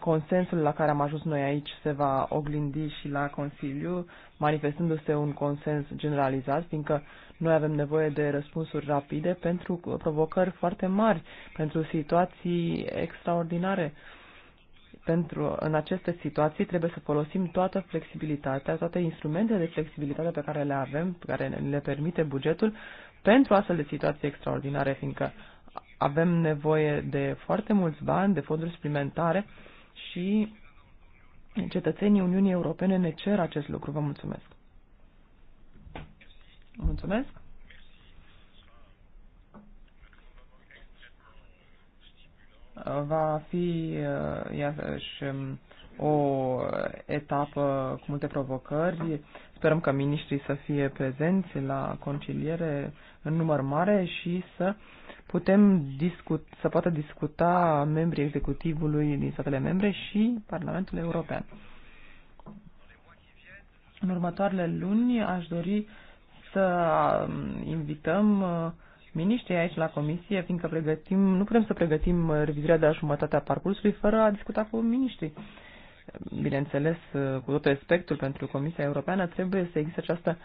consensul la care am ajuns noi aici se va oglindi și la Consiliu, manifestându-se un consens generalizat, fiindcă noi avem nevoie de răspunsuri rapide pentru provocări foarte mari, pentru situații extraordinare. Pentru, în aceste situații trebuie să folosim toată flexibilitatea, toate instrumentele de flexibilitate pe care le avem, pe care le permite bugetul, pentru astfel de situații extraordinare, fiindcă avem nevoie de foarte mulți bani, de fonduri suplimentare și cetățenii Uniunii Europene ne cer acest lucru. Vă mulțumesc. Mulțumesc. Va fi, uh, iarăși, um, o etapă cu multe provocări. Sperăm că miniștrii să fie prezenți la conciliere în număr mare și să uh, putem discut, să poată discuta membrii executivului din statele membre și Parlamentul European. În următoarele luni aș dori să um, invităm uh, miniștrii aici la comisie, fiindcă pregătim, nu putem să pregătim uh, revizuirea de la jumătatea parcursului fără a discuta cu miniștrii. Bineînțeles, uh, cu tot respectul pentru Comisia Europeană, trebuie să existe această uh,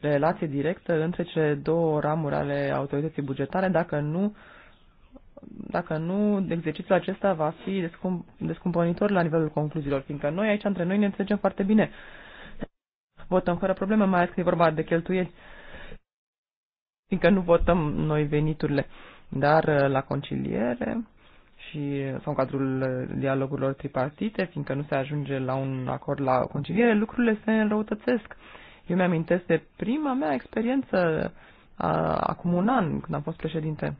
relație directă între cele două ramuri ale autorității bugetare, dacă nu, dacă nu exercițiul acesta va fi descum, descumpănitor la nivelul concluziilor, fiindcă noi aici între noi ne înțelegem foarte bine. Votăm fără probleme, mai ales că e vorba de cheltuieli, fiindcă nu votăm noi veniturile. Dar uh, la conciliere și uh, sau în cadrul uh, dialogurilor tripartite, fiindcă nu se ajunge la un acord la conciliere, lucrurile se înrăutățesc eu mi-amintesc de prima mea experiență a, acum un an, când am fost președinte.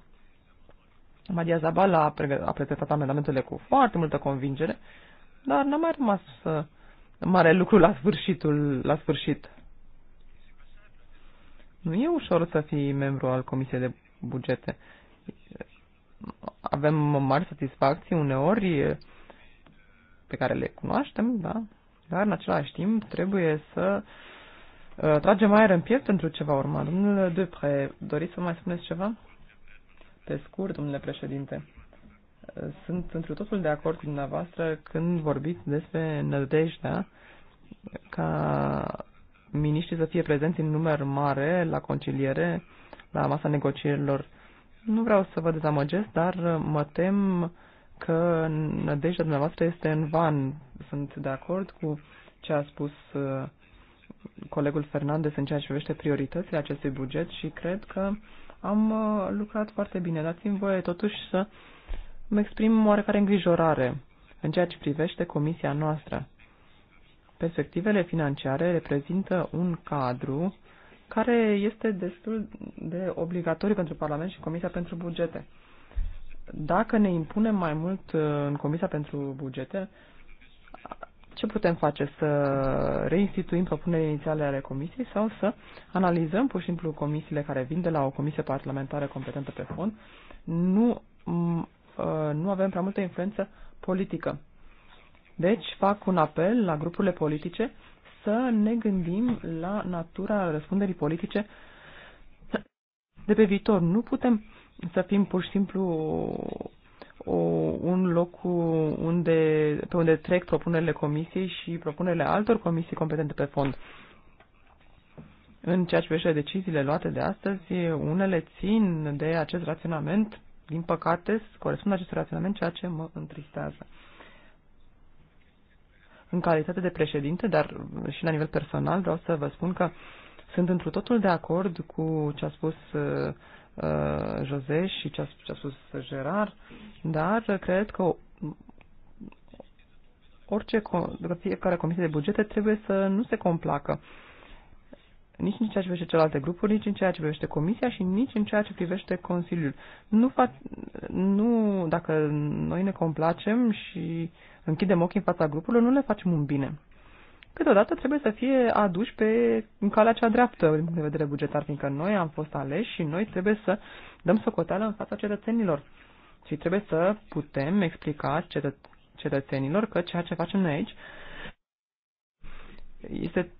Maria Zabala a, pre- a prezentat amendamentele cu foarte multă convingere, dar n-a mai rămas uh, mare lucru la sfârșitul, la sfârșit. Nu e ușor să fii membru al Comisiei de Bugete. Avem mari satisfacții uneori uh, pe care le cunoaștem, da? Dar în același timp trebuie să uh, Uh, tragem aer în piept pentru ce va urma. Domnule Dupre, doriți să mai spuneți ceva? Pe scurt, domnule președinte, uh, sunt într totul de acord cu dumneavoastră când vorbiți despre nădejdea ca miniștrii să fie prezenți în număr mare la conciliere, la masa negocierilor. Nu vreau să vă dezamăgesc, dar uh, mă tem că nădejdea dumneavoastră este în van. Sunt de acord cu ce a spus uh, colegul Fernandez în ceea ce privește prioritățile acestui buget și cred că am uh, lucrat foarte bine. Dați-mi voie totuși să îmi exprim oarecare îngrijorare în ceea ce privește comisia noastră. Perspectivele financiare reprezintă un cadru care este destul de obligatoriu pentru Parlament și Comisia pentru Bugete. Dacă ne impunem mai mult uh, în Comisia pentru Bugete, ce putem face? Să reinstituim propunerile inițiale ale comisiei sau să analizăm pur și simplu comisiile care vin de la o comisie parlamentară competentă pe fond? Nu, mm, ă, nu avem prea multă influență politică. Deci fac un apel la grupurile politice să ne gândim la natura răspunderii politice de pe viitor. Nu putem să fim pur și simplu o, un loc unde, pe unde trec propunerile comisiei și propunerile altor comisii competente pe fond. În ceea ce privește deciziile luate de astăzi, unele țin de acest raționament, din păcate, corespund acest raționament, ceea ce mă întristează. În calitate de președinte, dar și la nivel personal, vreau să vă spun că sunt întru totul de acord cu ce a spus uh, uh, Jose și ce a, ce a spus Gerard, dar cred că orice, că fiecare comisie de bugete trebuie să nu se complacă nici în ceea ce privește celelalte grupuri, nici în ceea ce privește comisia și nici în ceea ce privește Consiliul. Nu, fa- nu dacă noi ne complacem și închidem ochii în fața grupurilor, nu le facem un bine câteodată trebuie să fie aduși pe calea cea dreaptă din punct de vedere bugetar, fiindcă noi am fost aleși și noi trebuie să dăm socoteală în fața cetățenilor. Și trebuie să putem explica cetă cetățenilor că ceea ce facem noi aici este,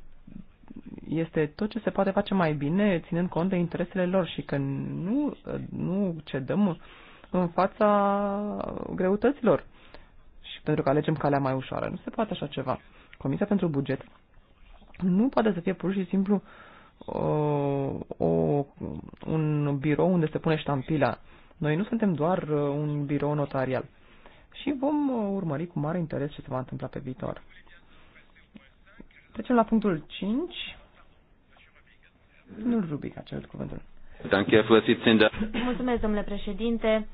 este tot ce se poate face mai bine, ținând cont de interesele lor și că nu, nu cedăm în fața greutăților și pentru că alegem calea mai ușoară. Nu se poate așa ceva. Comisia pentru buget nu poate să fie pur și simplu uh, o, un birou unde se pune ștampila. Noi nu suntem doar uh, un birou notarial. Și vom uh, urmări cu mare interes ce se va întâmpla pe viitor. Trecem la punctul 5. Nu l Rubic acel cuvânt. cuvântul. Mulțumesc, domnule președinte.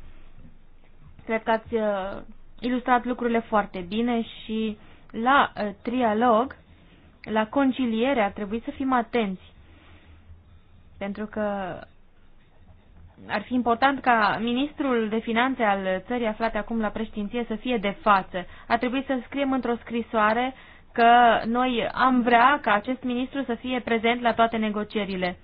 Cred că ați uh, ilustrat lucrurile foarte bine și la uh, trialog, la conciliere, ar trebui să fim atenți. Pentru că ar fi important ca ministrul de finanțe al țării aflate acum la președinție să fie de față. Ar trebui să scriem într-o scrisoare că noi am vrea ca acest ministru să fie prezent la toate negocierile.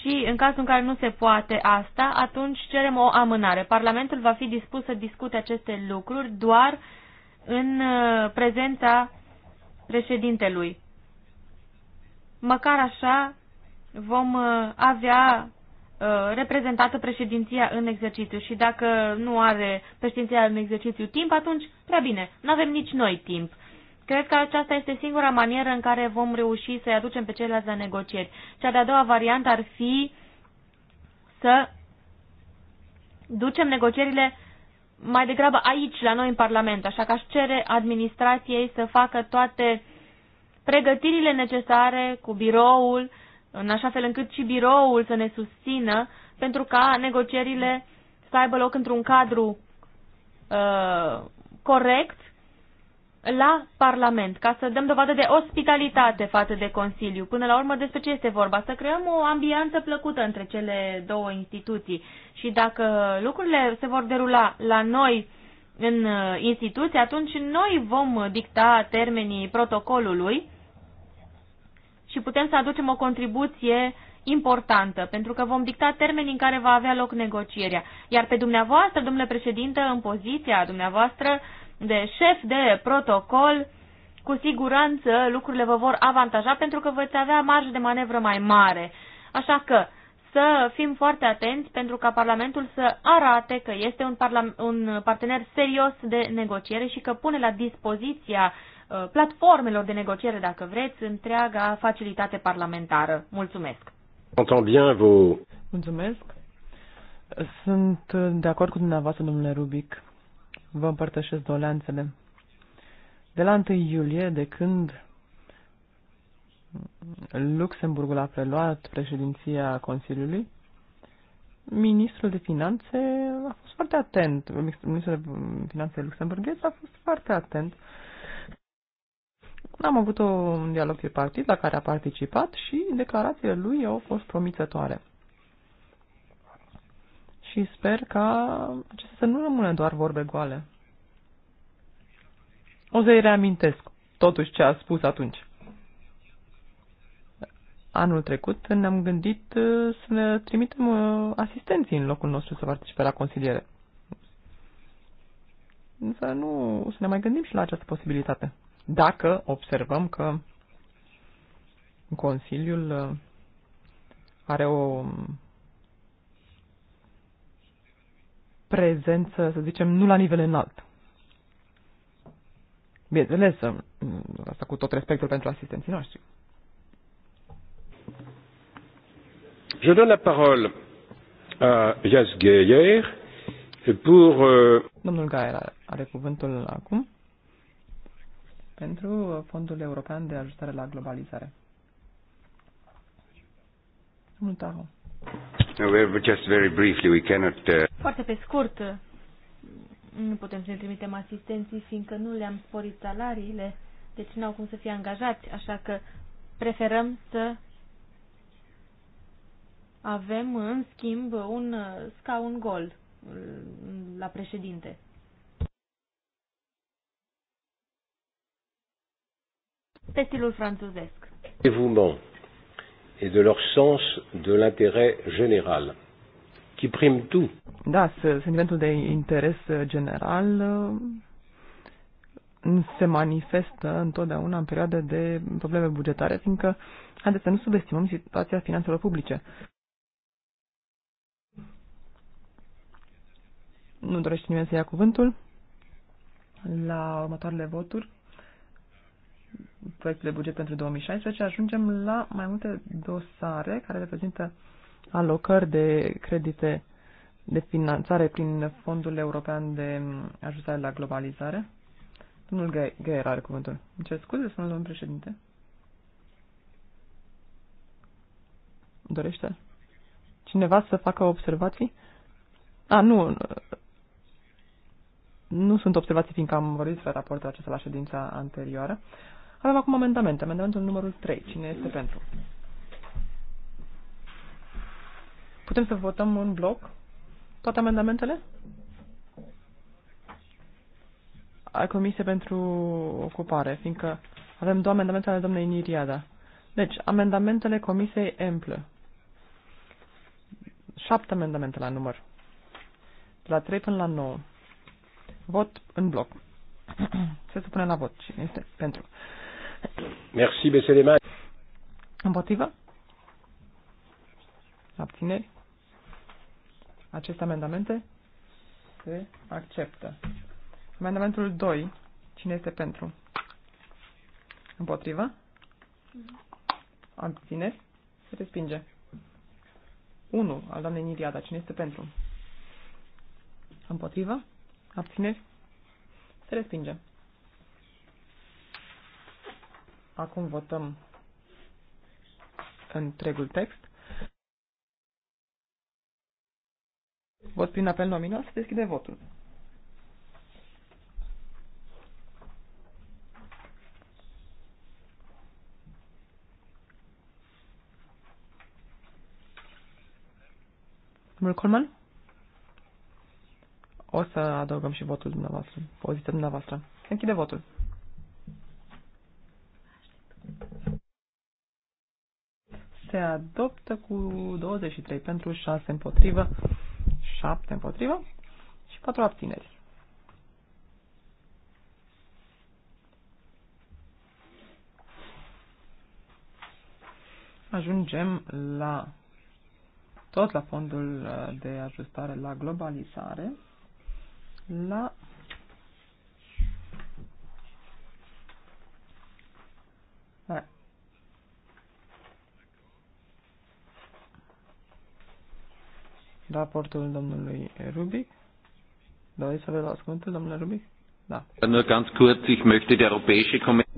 Și în cazul în care nu se poate asta, atunci cerem o amânare. Parlamentul va fi dispus să discute aceste lucruri doar uh, în uh, prezența președintelui. Măcar așa vom uh, avea uh, reprezentată președinția în exercițiu și dacă nu are președinția în exercițiu timp, atunci, prea bine, nu avem nici noi timp. Cred că aceasta este singura manieră în care vom reuși să-i aducem pe ceilalți la negocieri. Cea de-a doua variantă ar fi să ducem negocierile mai degrabă aici, la noi în Parlament, așa că aș cere administrației să facă toate pregătirile necesare cu biroul, în așa fel încât și biroul să ne susțină, pentru ca negocierile să aibă loc într-un cadru uh, corect la Parlament, ca să dăm dovadă de ospitalitate față de Consiliu. Până la urmă, despre ce este vorba? Să creăm o ambianță plăcută între cele două instituții. Și dacă lucrurile se vor derula la noi în uh, instituții, atunci noi vom dicta termenii protocolului și putem să aducem o contribuție importantă, pentru că vom dicta termenii în care va avea loc negocierea. Iar pe dumneavoastră, domnule președinte, în poziția dumneavoastră, de șef de protocol, cu siguranță lucrurile vă vor avantaja pentru că veți avea marjă de manevră mai mare. Așa că să fim foarte atenți pentru ca Parlamentul să arate că este un, un partener serios de negociere și că pune la dispoziția uh, platformelor de negociere, dacă vreți, întreaga facilitate parlamentară. Mulțumesc! Mulțumesc! Sunt de acord cu dumneavoastră, domnule Rubic vă împărtășesc doleanțele. De la 1 iulie, de când Luxemburgul a preluat președinția Consiliului, ministrul de finanțe a fost foarte atent, ministrul de finanțe luxemburghez a fost foarte atent. Am avut un dialog tripartit la care a participat și declarațiile lui au fost promițătoare și sper ca acestea să nu rămână doar vorbe goale. O să-i reamintesc totuși ce a spus atunci. Anul trecut ne-am gândit uh, să ne trimitem uh, asistenții în locul nostru să participe la consiliere. Însă nu, să ne mai gândim și la această posibilitate. Dacă observăm că Consiliul uh, are o prezență, să zicem, nu la nivel înalt. Bineînțeles, asta cu tot respectul pentru asistenții noștri. Je donne la parole à Jas Geyer pour... Euh, Domnul Gaier are cuvântul acum pentru Fondul European de Ajustare la Globalizare. Domnul Uh, Foarte pe scurt, nu putem să ne trimitem asistenții, fiindcă nu le-am sporit salariile, deci nu au cum să fie angajați, așa că preferăm să avem, în schimb, un uh, scaun gol uh, la președinte. stilul franțuzesc. vous, bon et de leur sens de l'intérêt général, qui prime tout. Da, sentimentul de interes general uh, se manifestă întotdeauna în perioade de probleme bugetare, fiindcă, haideți să nu subestimăm situația finanțelor publice. Nu dorește nimeni să ia cuvântul la următoarele voturi proiectul de buget pentru 2016, ajungem la mai multe dosare care reprezintă alocări de credite de finanțare prin Fondul European de Ajustare la Globalizare. Domnul Gaier are cuvântul. Îmi cer scuze, sunt domnul președinte. Dorește? Cineva să facă observații? A, nu. Nu sunt observații, fiindcă am vorbit despre raportul acesta la ședința anterioară. Avem acum amendamente. Amendamentul numărul 3. Cine este pentru? Putem să votăm în bloc toate amendamentele? A Comisie pentru Ocupare, fiindcă avem două amendamente ale doamnei Niriada. Deci, amendamentele Comisiei Emplă. Șapte amendamente la număr. De la 3 până la 9. Vot în bloc. Se supune la vot. Cine este pentru? Merci, baissez les mains. Împotrivă? Abțineri? Aceste amendamente se acceptă. Amendamentul 2. Cine este pentru? Împotrivă? Abțineri? Se respinge. 1. Al doamnei Niriada. Cine este pentru? Împotrivă? Abțineri? Se respinge. Acum votăm întregul text. Vot prin apel nominal se deschide votul. Domnul Coleman? O să adăugăm și votul dumneavoastră, poziția dumneavoastră. închide votul. se adoptă cu 23 pentru 6 împotrivă, 7 împotrivă și 4 abțineri. Ajungem la tot la fondul uh, de ajustare la globalizare, la raportul domnului Rubic. Doriți să vă luați cuvântul, domnule Rubic? Da.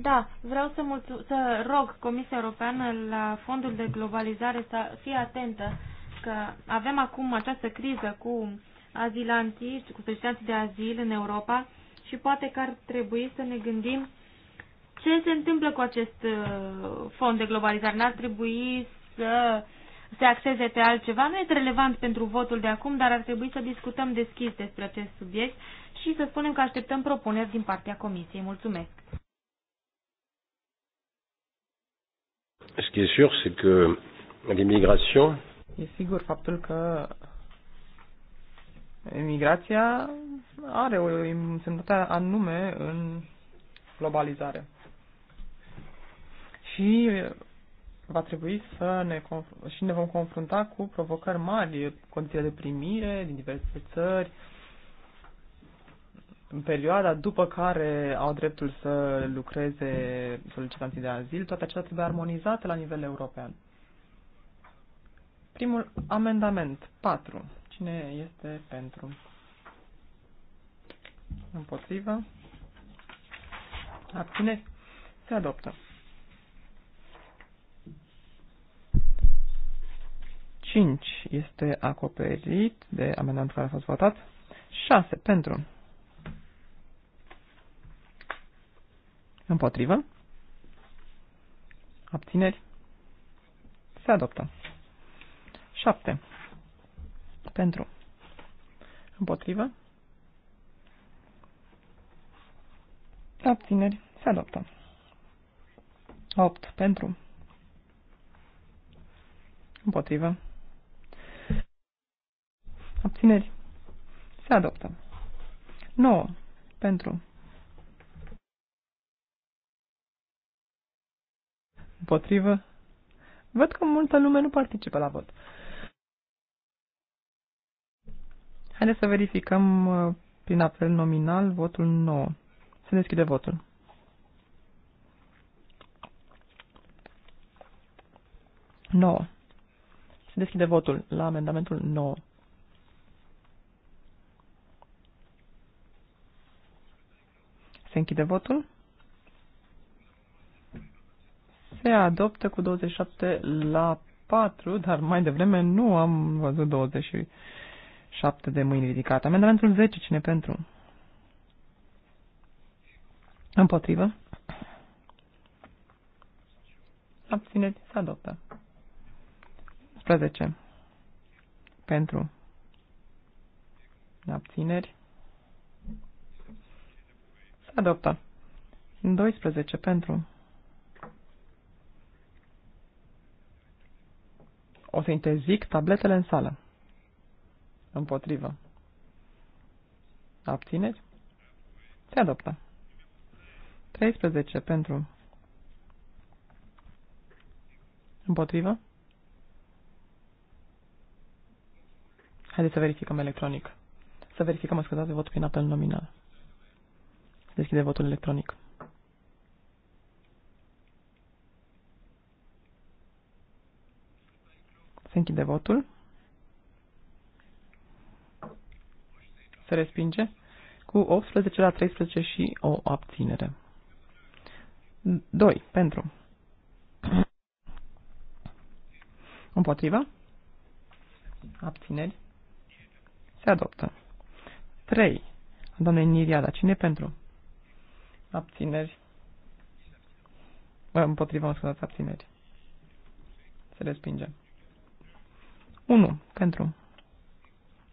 Da, vreau să, mulțu- să rog Comisia Europeană la Fondul de Globalizare să fie atentă că avem acum această criză cu azilanții, cu solicitanții de azil în Europa și poate că ar trebui să ne gândim ce se întâmplă cu acest uh, fond de globalizare. N-ar trebui să uh, se axeze pe altceva. Nu este relevant pentru votul de acum, dar ar trebui să discutăm deschis despre acest subiect și să spunem că așteptăm propuneri din partea Comisiei. Mulțumesc! Ce E sigur faptul că emigrația are o însemnătate anume în globalizare. Și va trebui să ne și ne vom confrunta cu provocări mari, condiții de primire din diverse țări, în perioada după care au dreptul să lucreze solicitanții de azil, toate acestea trebuie armonizate la nivel european. Primul amendament, 4. Cine este pentru? Împotrivă? Abține? Se adoptă. 5 este acoperit de amendamentul care a fost votat. 6 pentru. Împotrivă. Abțineri. Se adoptă. 7. Pentru. Împotrivă. Abțineri. Se adoptă. 8. Pentru. Împotrivă. Abțineri. Se adoptă. 9. Pentru. Împotrivă. Văd că multă lume nu participă la vot. Haideți să verificăm uh, prin apel nominal votul 9. Se deschide votul. Nouă. Se deschide votul la amendamentul 9. Se închide votul. Se adoptă cu 27 la 4, dar mai devreme nu am văzut 27 de mâini ridicate. Amendamentul 10, cine pentru? Împotrivă? Abțineți, se adoptă. 11. Pentru. Abțineri. Adopta. adoptă. 12 pentru. O să interzic tabletele în sală. Împotrivă. Abțineri? Se adoptă. 13 pentru. Împotrivă? Haideți să verificăm electronic. Să verificăm, mă scuzați, votul prin apel nominal deschide votul electronic. Se închide votul. Se respinge cu 18 la 13 și o abținere. 2. Pentru. Împotriva. Abțineri. Se adoptă. 3. Doamne Niriada, cine pentru? Abțineri. Împotriva, mă scuzați, abțineri. Se respinge. 1. Pentru.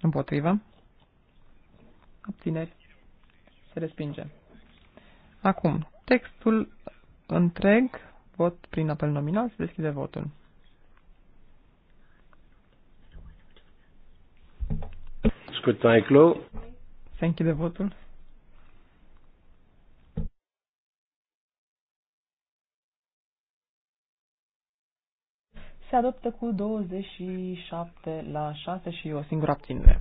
Împotriva. Abțineri. Se respinge. Acum, textul întreg, vot prin apel nominal, se deschide votul. Scrutin clos. Se închide votul. se adoptă cu 27 la 6 și o singură abținere.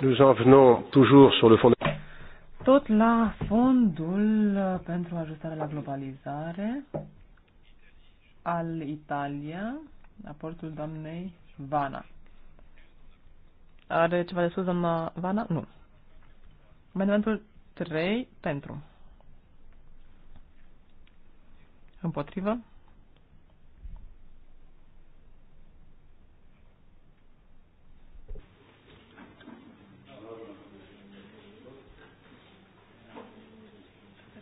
Nous en venons toujours sur le fond de... Tot la fondul pentru ajustarea la globalizare al Italia, raportul doamnei Vana. Are ceva de spus doamna Vana? Nu. Amendamentul 3 pentru. Împotrivă?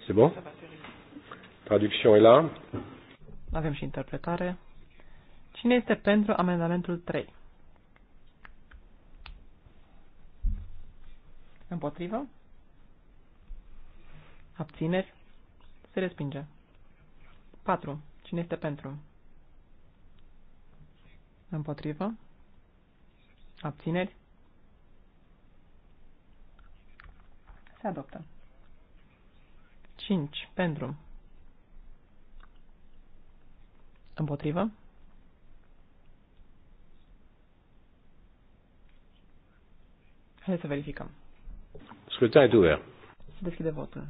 C'est bon Traduction est là. Avem și interpretare. Cine este pentru amendamentul 3? Împotrivă? Abțineri? Se respinge. 4. Cine este pentru? Împotrivă? Abțineri? Se adoptă. 5. Pentru. Împotrivă? Hai să verificăm. Scrutai est Să deschide votul.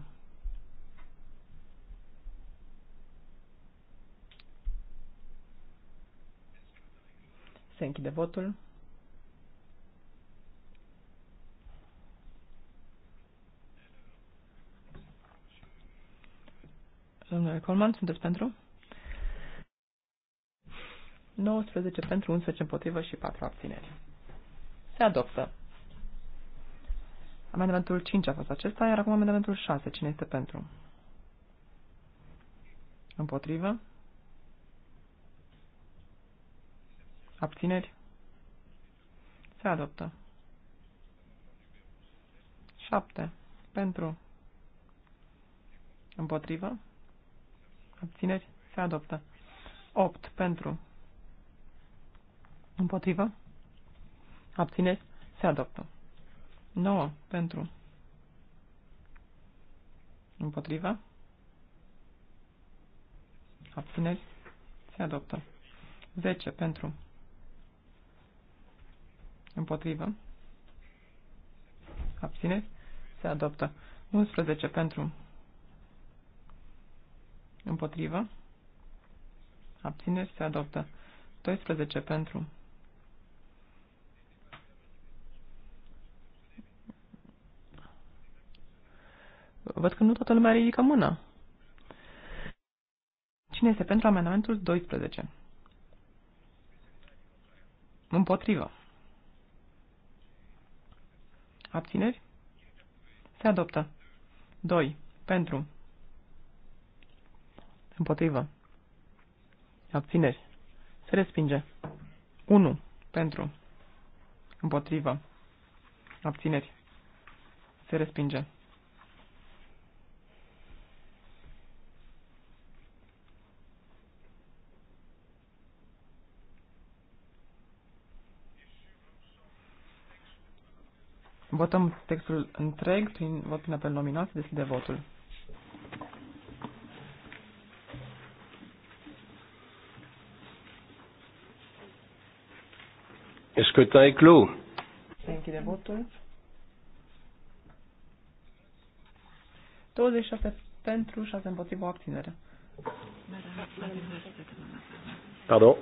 Se închide votul. Domnule Colman, sunteți pentru? 19 pentru, 11 împotrivă și 4 abțineri. Se adoptă. Amendamentul 5 a fost acesta, iar acum amendamentul 6. Cine este pentru? Împotrivă? Abțineri? Se adoptă. 7. Pentru. Împotrivă. Abțineri? Se adoptă. 8. Pentru. Împotrivă. Abțineri? Se adoptă. 9. Pentru. Împotrivă. Abțineri? Se adoptă. 10. Pentru. Împotrivă. Abțineri. Se adoptă. 11 pentru. Împotrivă. Abțineri. Se adoptă. 12 pentru. Văd că nu toată lumea ridică mâna. Cine este pentru amendamentul 12? Împotrivă. Abțineri? Se adoptă. 2. Pentru. Împotrivă. Abțineri. Se respinge. 1. Pentru. Împotrivă. Abțineri. Se respinge. Votăm textul întreg prin vot prin apel nominal. Se deschide votul. Scrutin est clos. Se închide votul. 26 pentru, 6 împotriva, abținere. Pardon.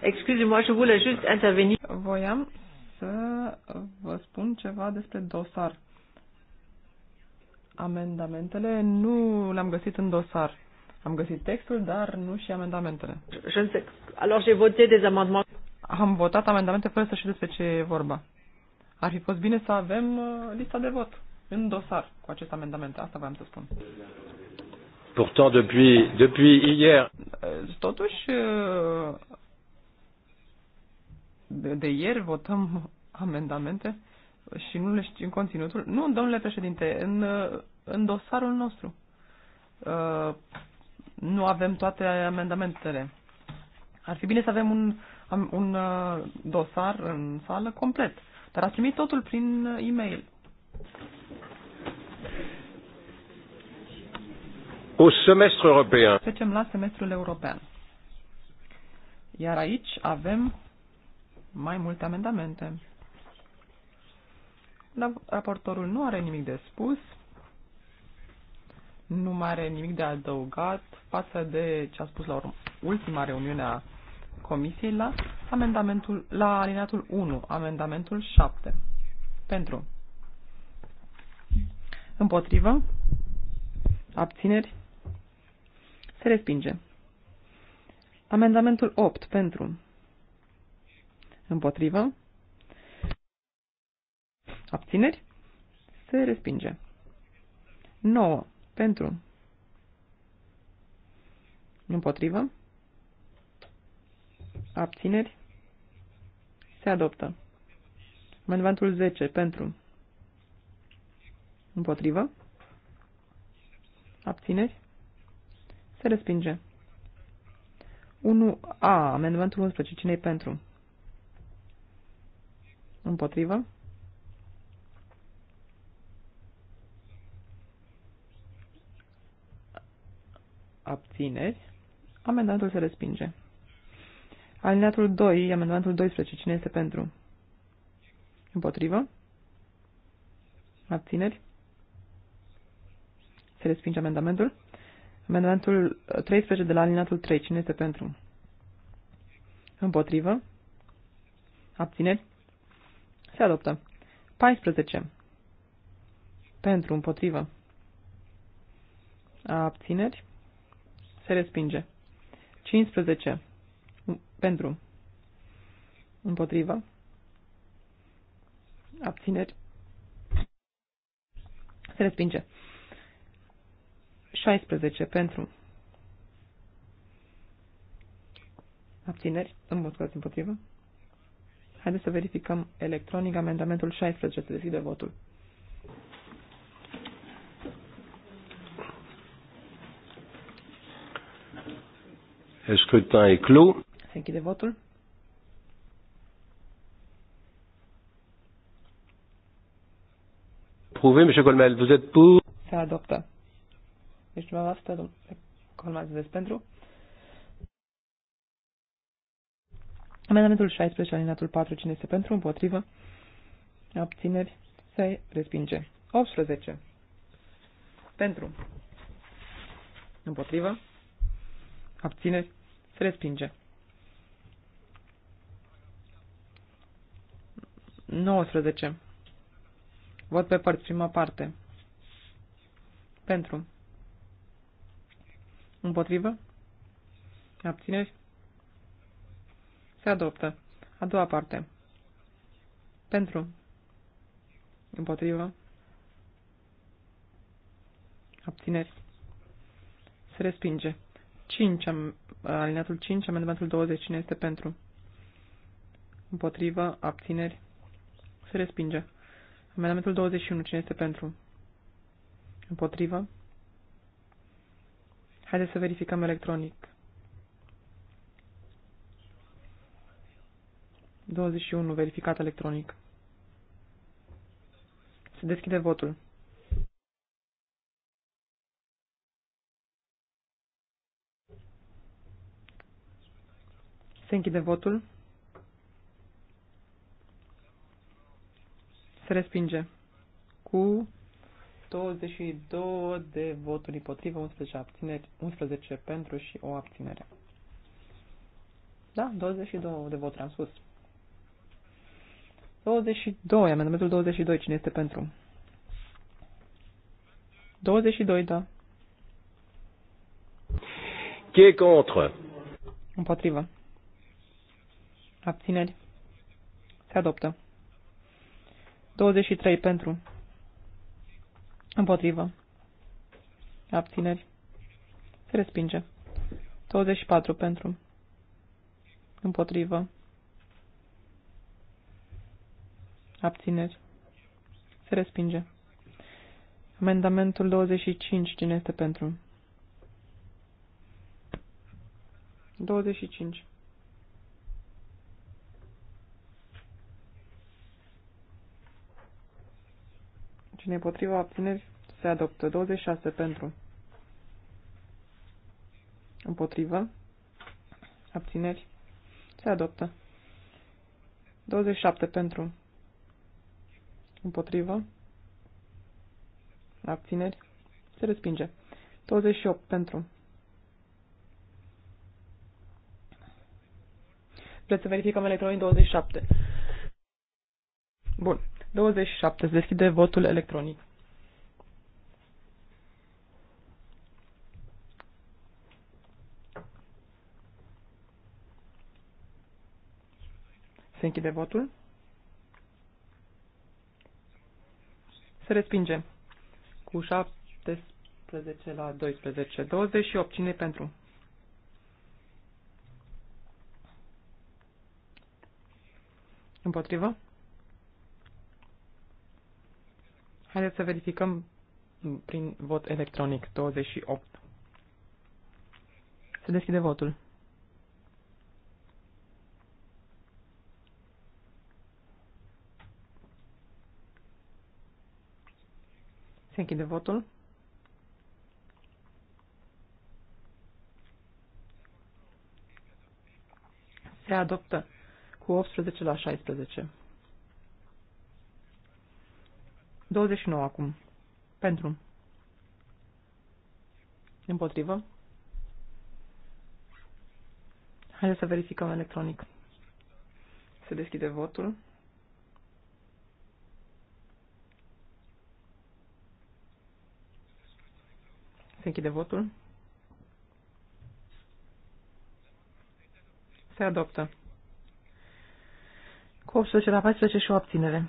Excusez-moi, je voulais juste intervenir. Voiam să vă spun ceva despre dosar. Amendamentele nu le-am găsit în dosar. Am găsit textul, dar nu și amendamentele. Alors j'ai voté des amendements. Am votat amendamente fără să știu despre ce e vorba. Ar fi fost bine să avem uh, lista de vot în dosar cu acest amendament. Asta v-am să spun. Pourtant, depuis, depuis hier. Totuși, uh, de, de ieri votăm amendamente și nu le știm conținutul. Nu, domnule președinte, în, în dosarul nostru uh, nu avem toate amendamentele. Ar fi bine să avem un, un uh, dosar în sală complet, dar a primit totul prin e-mail. Au semestru european. Trecem la semestrul european. Iar aici avem mai multe amendamente. Raportorul nu are nimic de spus, nu mai are nimic de adăugat față de ce a spus la ultima reuniune a Comisiei la, amendamentul, la alineatul 1, amendamentul 7. Pentru. Împotrivă. Abțineri. Se respinge. Amendamentul 8. Pentru. Împotrivă. Abțineri. Se respinge. 9. Pentru. Împotrivă. Abțineri. Se adoptă. Amendamentul 10. Pentru. Împotrivă. Abțineri. Se respinge. 1A. Amendamentul 11. cine pentru? Împotrivă. Abțineri. Amendamentul se respinge. Alineatul 2, amendamentul 12. Cine este pentru? Împotrivă. Abțineri. Se respinge amendamentul. Amendamentul 13 de la alineatul 3. Cine este pentru? Împotrivă. Abțineri. Se adoptă. 14. Pentru, împotrivă. Abțineri. Se respinge. 15. Pentru. Împotrivă. Abțineri. Se respinge. 16. Pentru. Abțineri. Îmi mod împotrivă. Haideți să verificăm electronic amendamentul 16. de zi de votul. Scrutin e clos. Se închide votul. Prouvez, M. Colmel, vous êtes pour Se adoptă. Deci dumneavoastră, domnule Colmel, sunteți pentru? Amendamentul 16, alineatul 4, cine este pentru, împotrivă, abțineri, se respinge. 18. Pentru, împotrivă, abțineri, se respinge. 19. Vot pe părți, prima parte. Pentru. Împotrivă. Abțineri. Se adoptă. A doua parte. Pentru. Împotrivă. Abțineri. Se respinge. 5, am, alineatul 5, amendamentul 20. Cine este pentru? Împotrivă. Abțineri. Se respinge. Amendamentul 21. Cine este pentru? Împotrivă. Haideți să verificăm electronic. 21. Verificat electronic. Se deschide votul. Se închide votul. Se respinge. Cu 22 de voturi împotrivă, 11, abțineri, 11 pentru și o abținere. Da, 22 de voturi, am spus. 22, amendamentul 22, cine este pentru? 22, da. Qui est contre? Împotrivă. Abțineri. Se adoptă. 23 pentru. Împotrivă. Abțineri. Se respinge. 24 pentru. Împotrivă. Abțineri. Se respinge. Amendamentul 25. Cine este pentru? 25. Cine împotriva abțineri se adoptă. 26 pentru. Împotrivă. Abțineri. Se adoptă. 27 pentru. Împotrivă. Abțineri. Se respinge. 28 pentru. Vreți să verificăm electronic 27. Bun. 27. Se deschide votul electronic. Se închide votul. Se respinge. Cu 17 la 12. 28. Cine pentru? Împotrivă? Haideți să verificăm prin vot electronic 28. Se deschide votul. Se închide votul. Se adoptă cu 18 la 16. 29 acum. Pentru. Împotrivă. Haideți să verificăm electronic. Se deschide votul. Se închide votul. Se adoptă. Cu 18 la 14 și o abținere.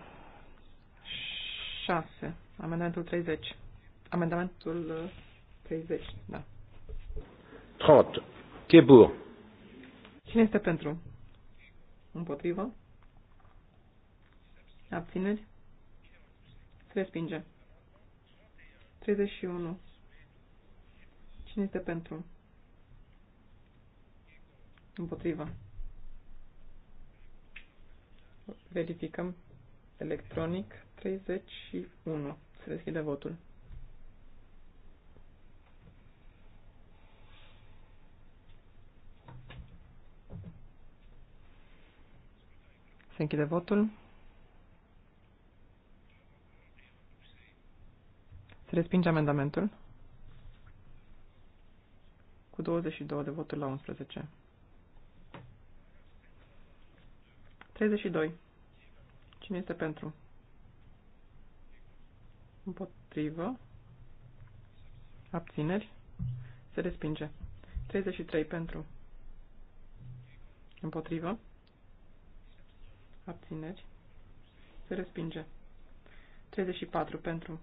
6. Amendamentul 30. Amendamentul 30, uh, da. 30. Che bur. Cine este pentru? Împotrivă? Abțineri? Se respinge. 31. Cine este pentru? Împotriva. Verificăm electronic 31. Se deschide votul. Se închide votul. Se respinge amendamentul cu 22 de voturi la 11. 32. Cine este pentru? Împotrivă. Abțineri. Se respinge. 33 pentru. Împotrivă. Abțineri. Se respinge. 34 pentru.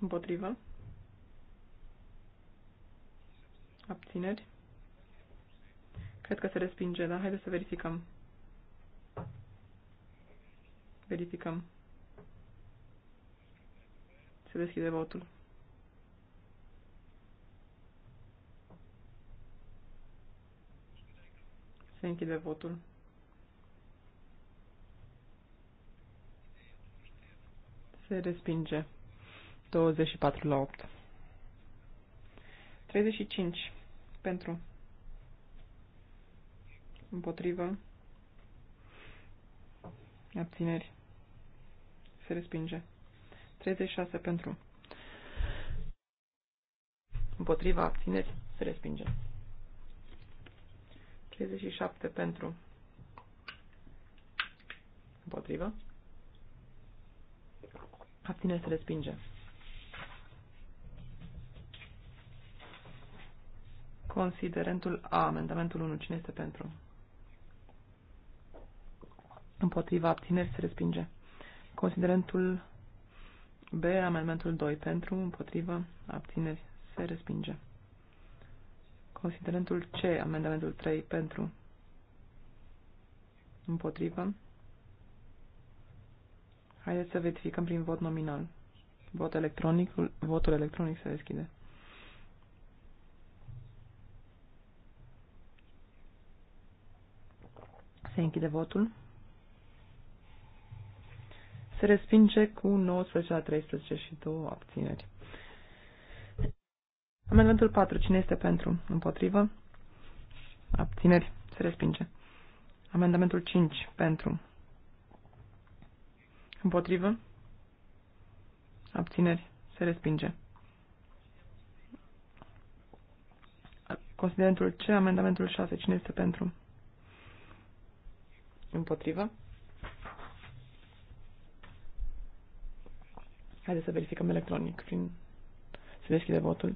Împotrivă. Abțineri. Cred că se respinge, dar haideți să verificăm. Verificăm. Se deschide votul. Se închide votul. Se respinge. 24 la 8. 35 pentru împotrivă abțineri se respinge 36 pentru împotriva abțineri se respinge 37 pentru Împotriva. abțineri se respinge Considerentul A, amendamentul 1, cine este pentru? Împotriva abțineri se respinge. Considerentul B, amendamentul 2, pentru, împotriva abțineri se respinge. Considerentul C, amendamentul 3, pentru, împotriva. Haideți să verificăm prin vot nominal. Vot electronic, votul electronic se deschide. Se închide votul. Se respinge cu 19 la 13 și 2 abțineri. Amendamentul 4. Cine este pentru? Împotrivă? Abțineri. Se respinge. Amendamentul 5. Pentru. Împotrivă? Abțineri. Se respinge. Considerentul C. Amendamentul 6. Cine este pentru? Împotrivă. Haideți să verificăm electronic prin... Se deschide votul.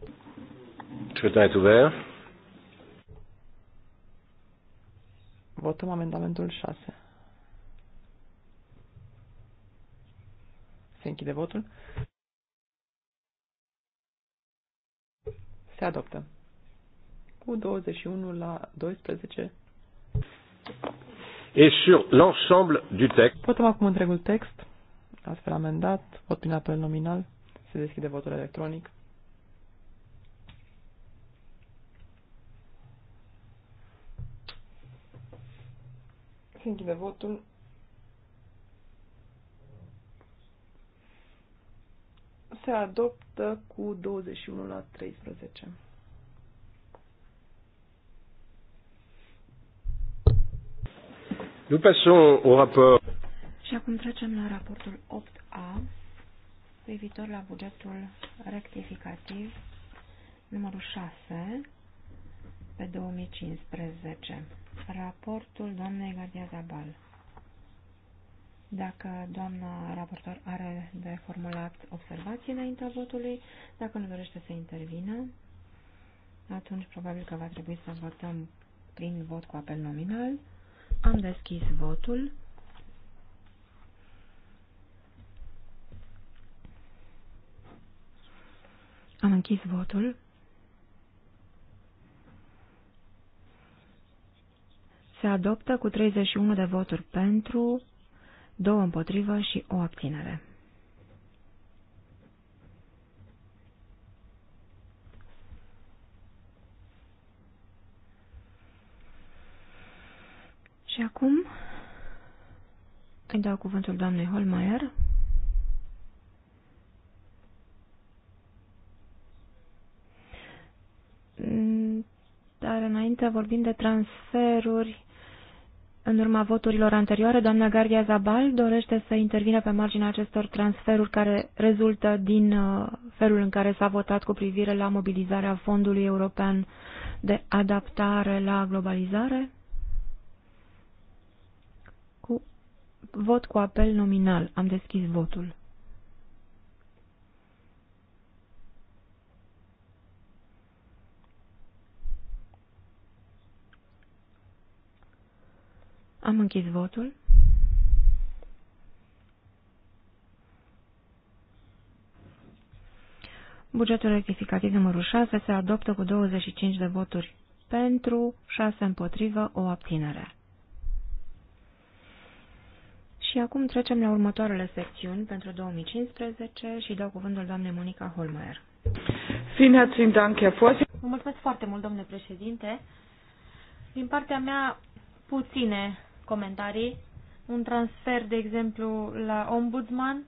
Scrutinul est ouvert. Votăm amendamentul 6. Se închide votul. Se adoptă. Cu 21 la 12 et sur l'ensemble du texte. Votăm acum întregul text, astfel amendat, vot prin apel nominal, se deschide votul electronic. Se închide votul. Se adoptă cu 21 la 13. Nous passons au rapport. Și acum trecem la raportul 8A privitor la bugetul rectificativ numărul 6 pe 2015. Raportul doamnei Gardia Zabal. Dacă doamna raportor are de formulat observații înaintea votului, dacă nu dorește să intervină, atunci probabil că va trebui să votăm prin vot cu apel nominal. Am deschis votul. Am închis votul. Se adoptă cu 31 de voturi pentru, 2 împotrivă și o abținere. Și acum îi dau cuvântul doamnei Holmeier. Dar înainte vorbim de transferuri. În urma voturilor anterioare, doamna Garia Zabal dorește să intervină pe marginea acestor transferuri care rezultă din uh, felul în care s-a votat cu privire la mobilizarea Fondului European de Adaptare la Globalizare. vot cu apel nominal. Am deschis votul. Am închis votul. Bugetul rectificativ numărul 6 se adoptă cu 25 de voturi pentru, 6 împotrivă, o abținere. Și acum trecem la următoarele secțiuni pentru 2015 și dau cuvântul doamnei Monica Holmeier. Vă mulțumesc foarte mult, domnule președinte. Din partea mea, puține comentarii. Un transfer, de exemplu, la ombudsman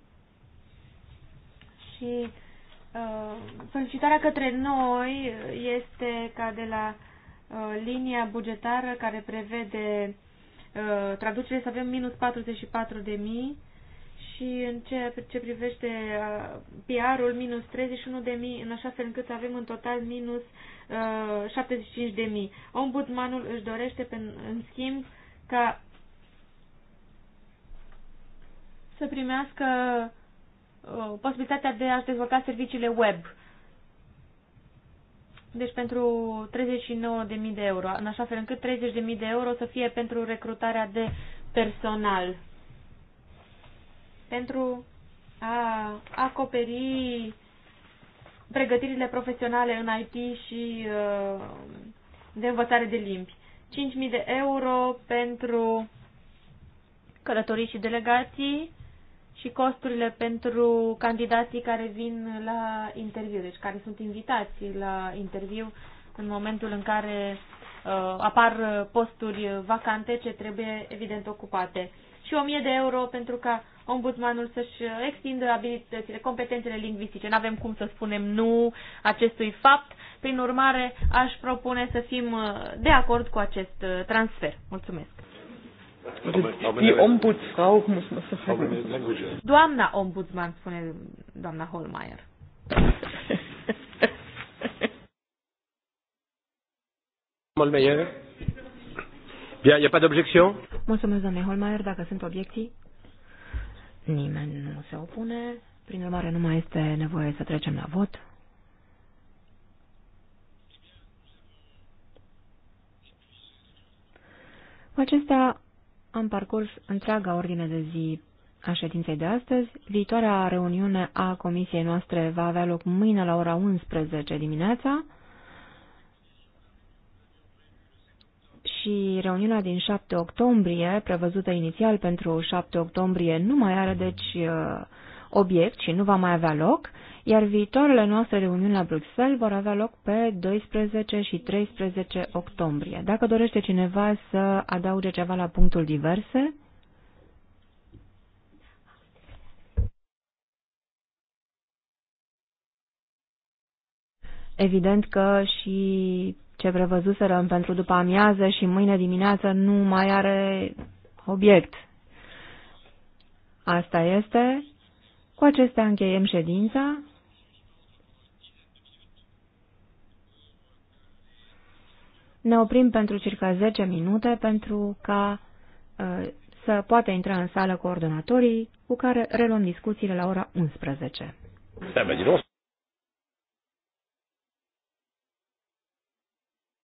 și uh, solicitarea către noi este ca de la uh, linia bugetară care prevede Uh, traducere să avem minus 44 de mii și în ceea ce privește uh, PR-ul, minus 31 de mii, în așa fel încât să avem în total minus 75 uh, de mii. Ombudsmanul își dorește, în schimb, ca să primească posibilitatea de a-și dezvolta serviciile web deci pentru 39.000 de euro, în așa fel încât 30.000 de euro să fie pentru recrutarea de personal. Pentru a acoperi pregătirile profesionale în IT și uh, de învățare de limbi. 5.000 de euro pentru călătorii și delegații, și costurile pentru candidații care vin la interviu, deci care sunt invitați la interviu în momentul în care uh, apar posturi vacante ce trebuie evident ocupate. Și 1000 de euro pentru ca ombudsmanul să-și extindă abilitățile, competențele lingvistice. Nu avem cum să spunem nu acestui fapt. Prin urmare, aș propune să fim de acord cu acest uh, transfer. Mulțumesc! Doamna ombudsman, spune doamna Holmeier. Holmeier. Bien, il n'y a pas d'objection Mulțumesc, doamne Holmeier, dacă sunt obiecții. Nimeni nu se opune. Prin urmare, nu mai este nevoie să trecem la vot. acestea am parcurs întreaga ordine de zi a ședinței de astăzi. Viitoarea reuniune a comisiei noastre va avea loc mâine la ora 11 dimineața și reuniunea din 7 octombrie, prevăzută inițial pentru 7 octombrie, nu mai are deci uh, obiect și nu va mai avea loc, iar viitoarele noastre reuniuni la Bruxelles vor avea loc pe 12 și 13 octombrie. Dacă dorește cineva să adauge ceva la punctul diverse, Evident că și ce prevăzuserăm pentru după amiază și mâine dimineață nu mai are obiect. Asta este. Cu acestea încheiem ședința. Ne oprim pentru circa 10 minute pentru ca uh, să poată intra în sală coordonatorii cu care reluăm discuțiile la ora 11.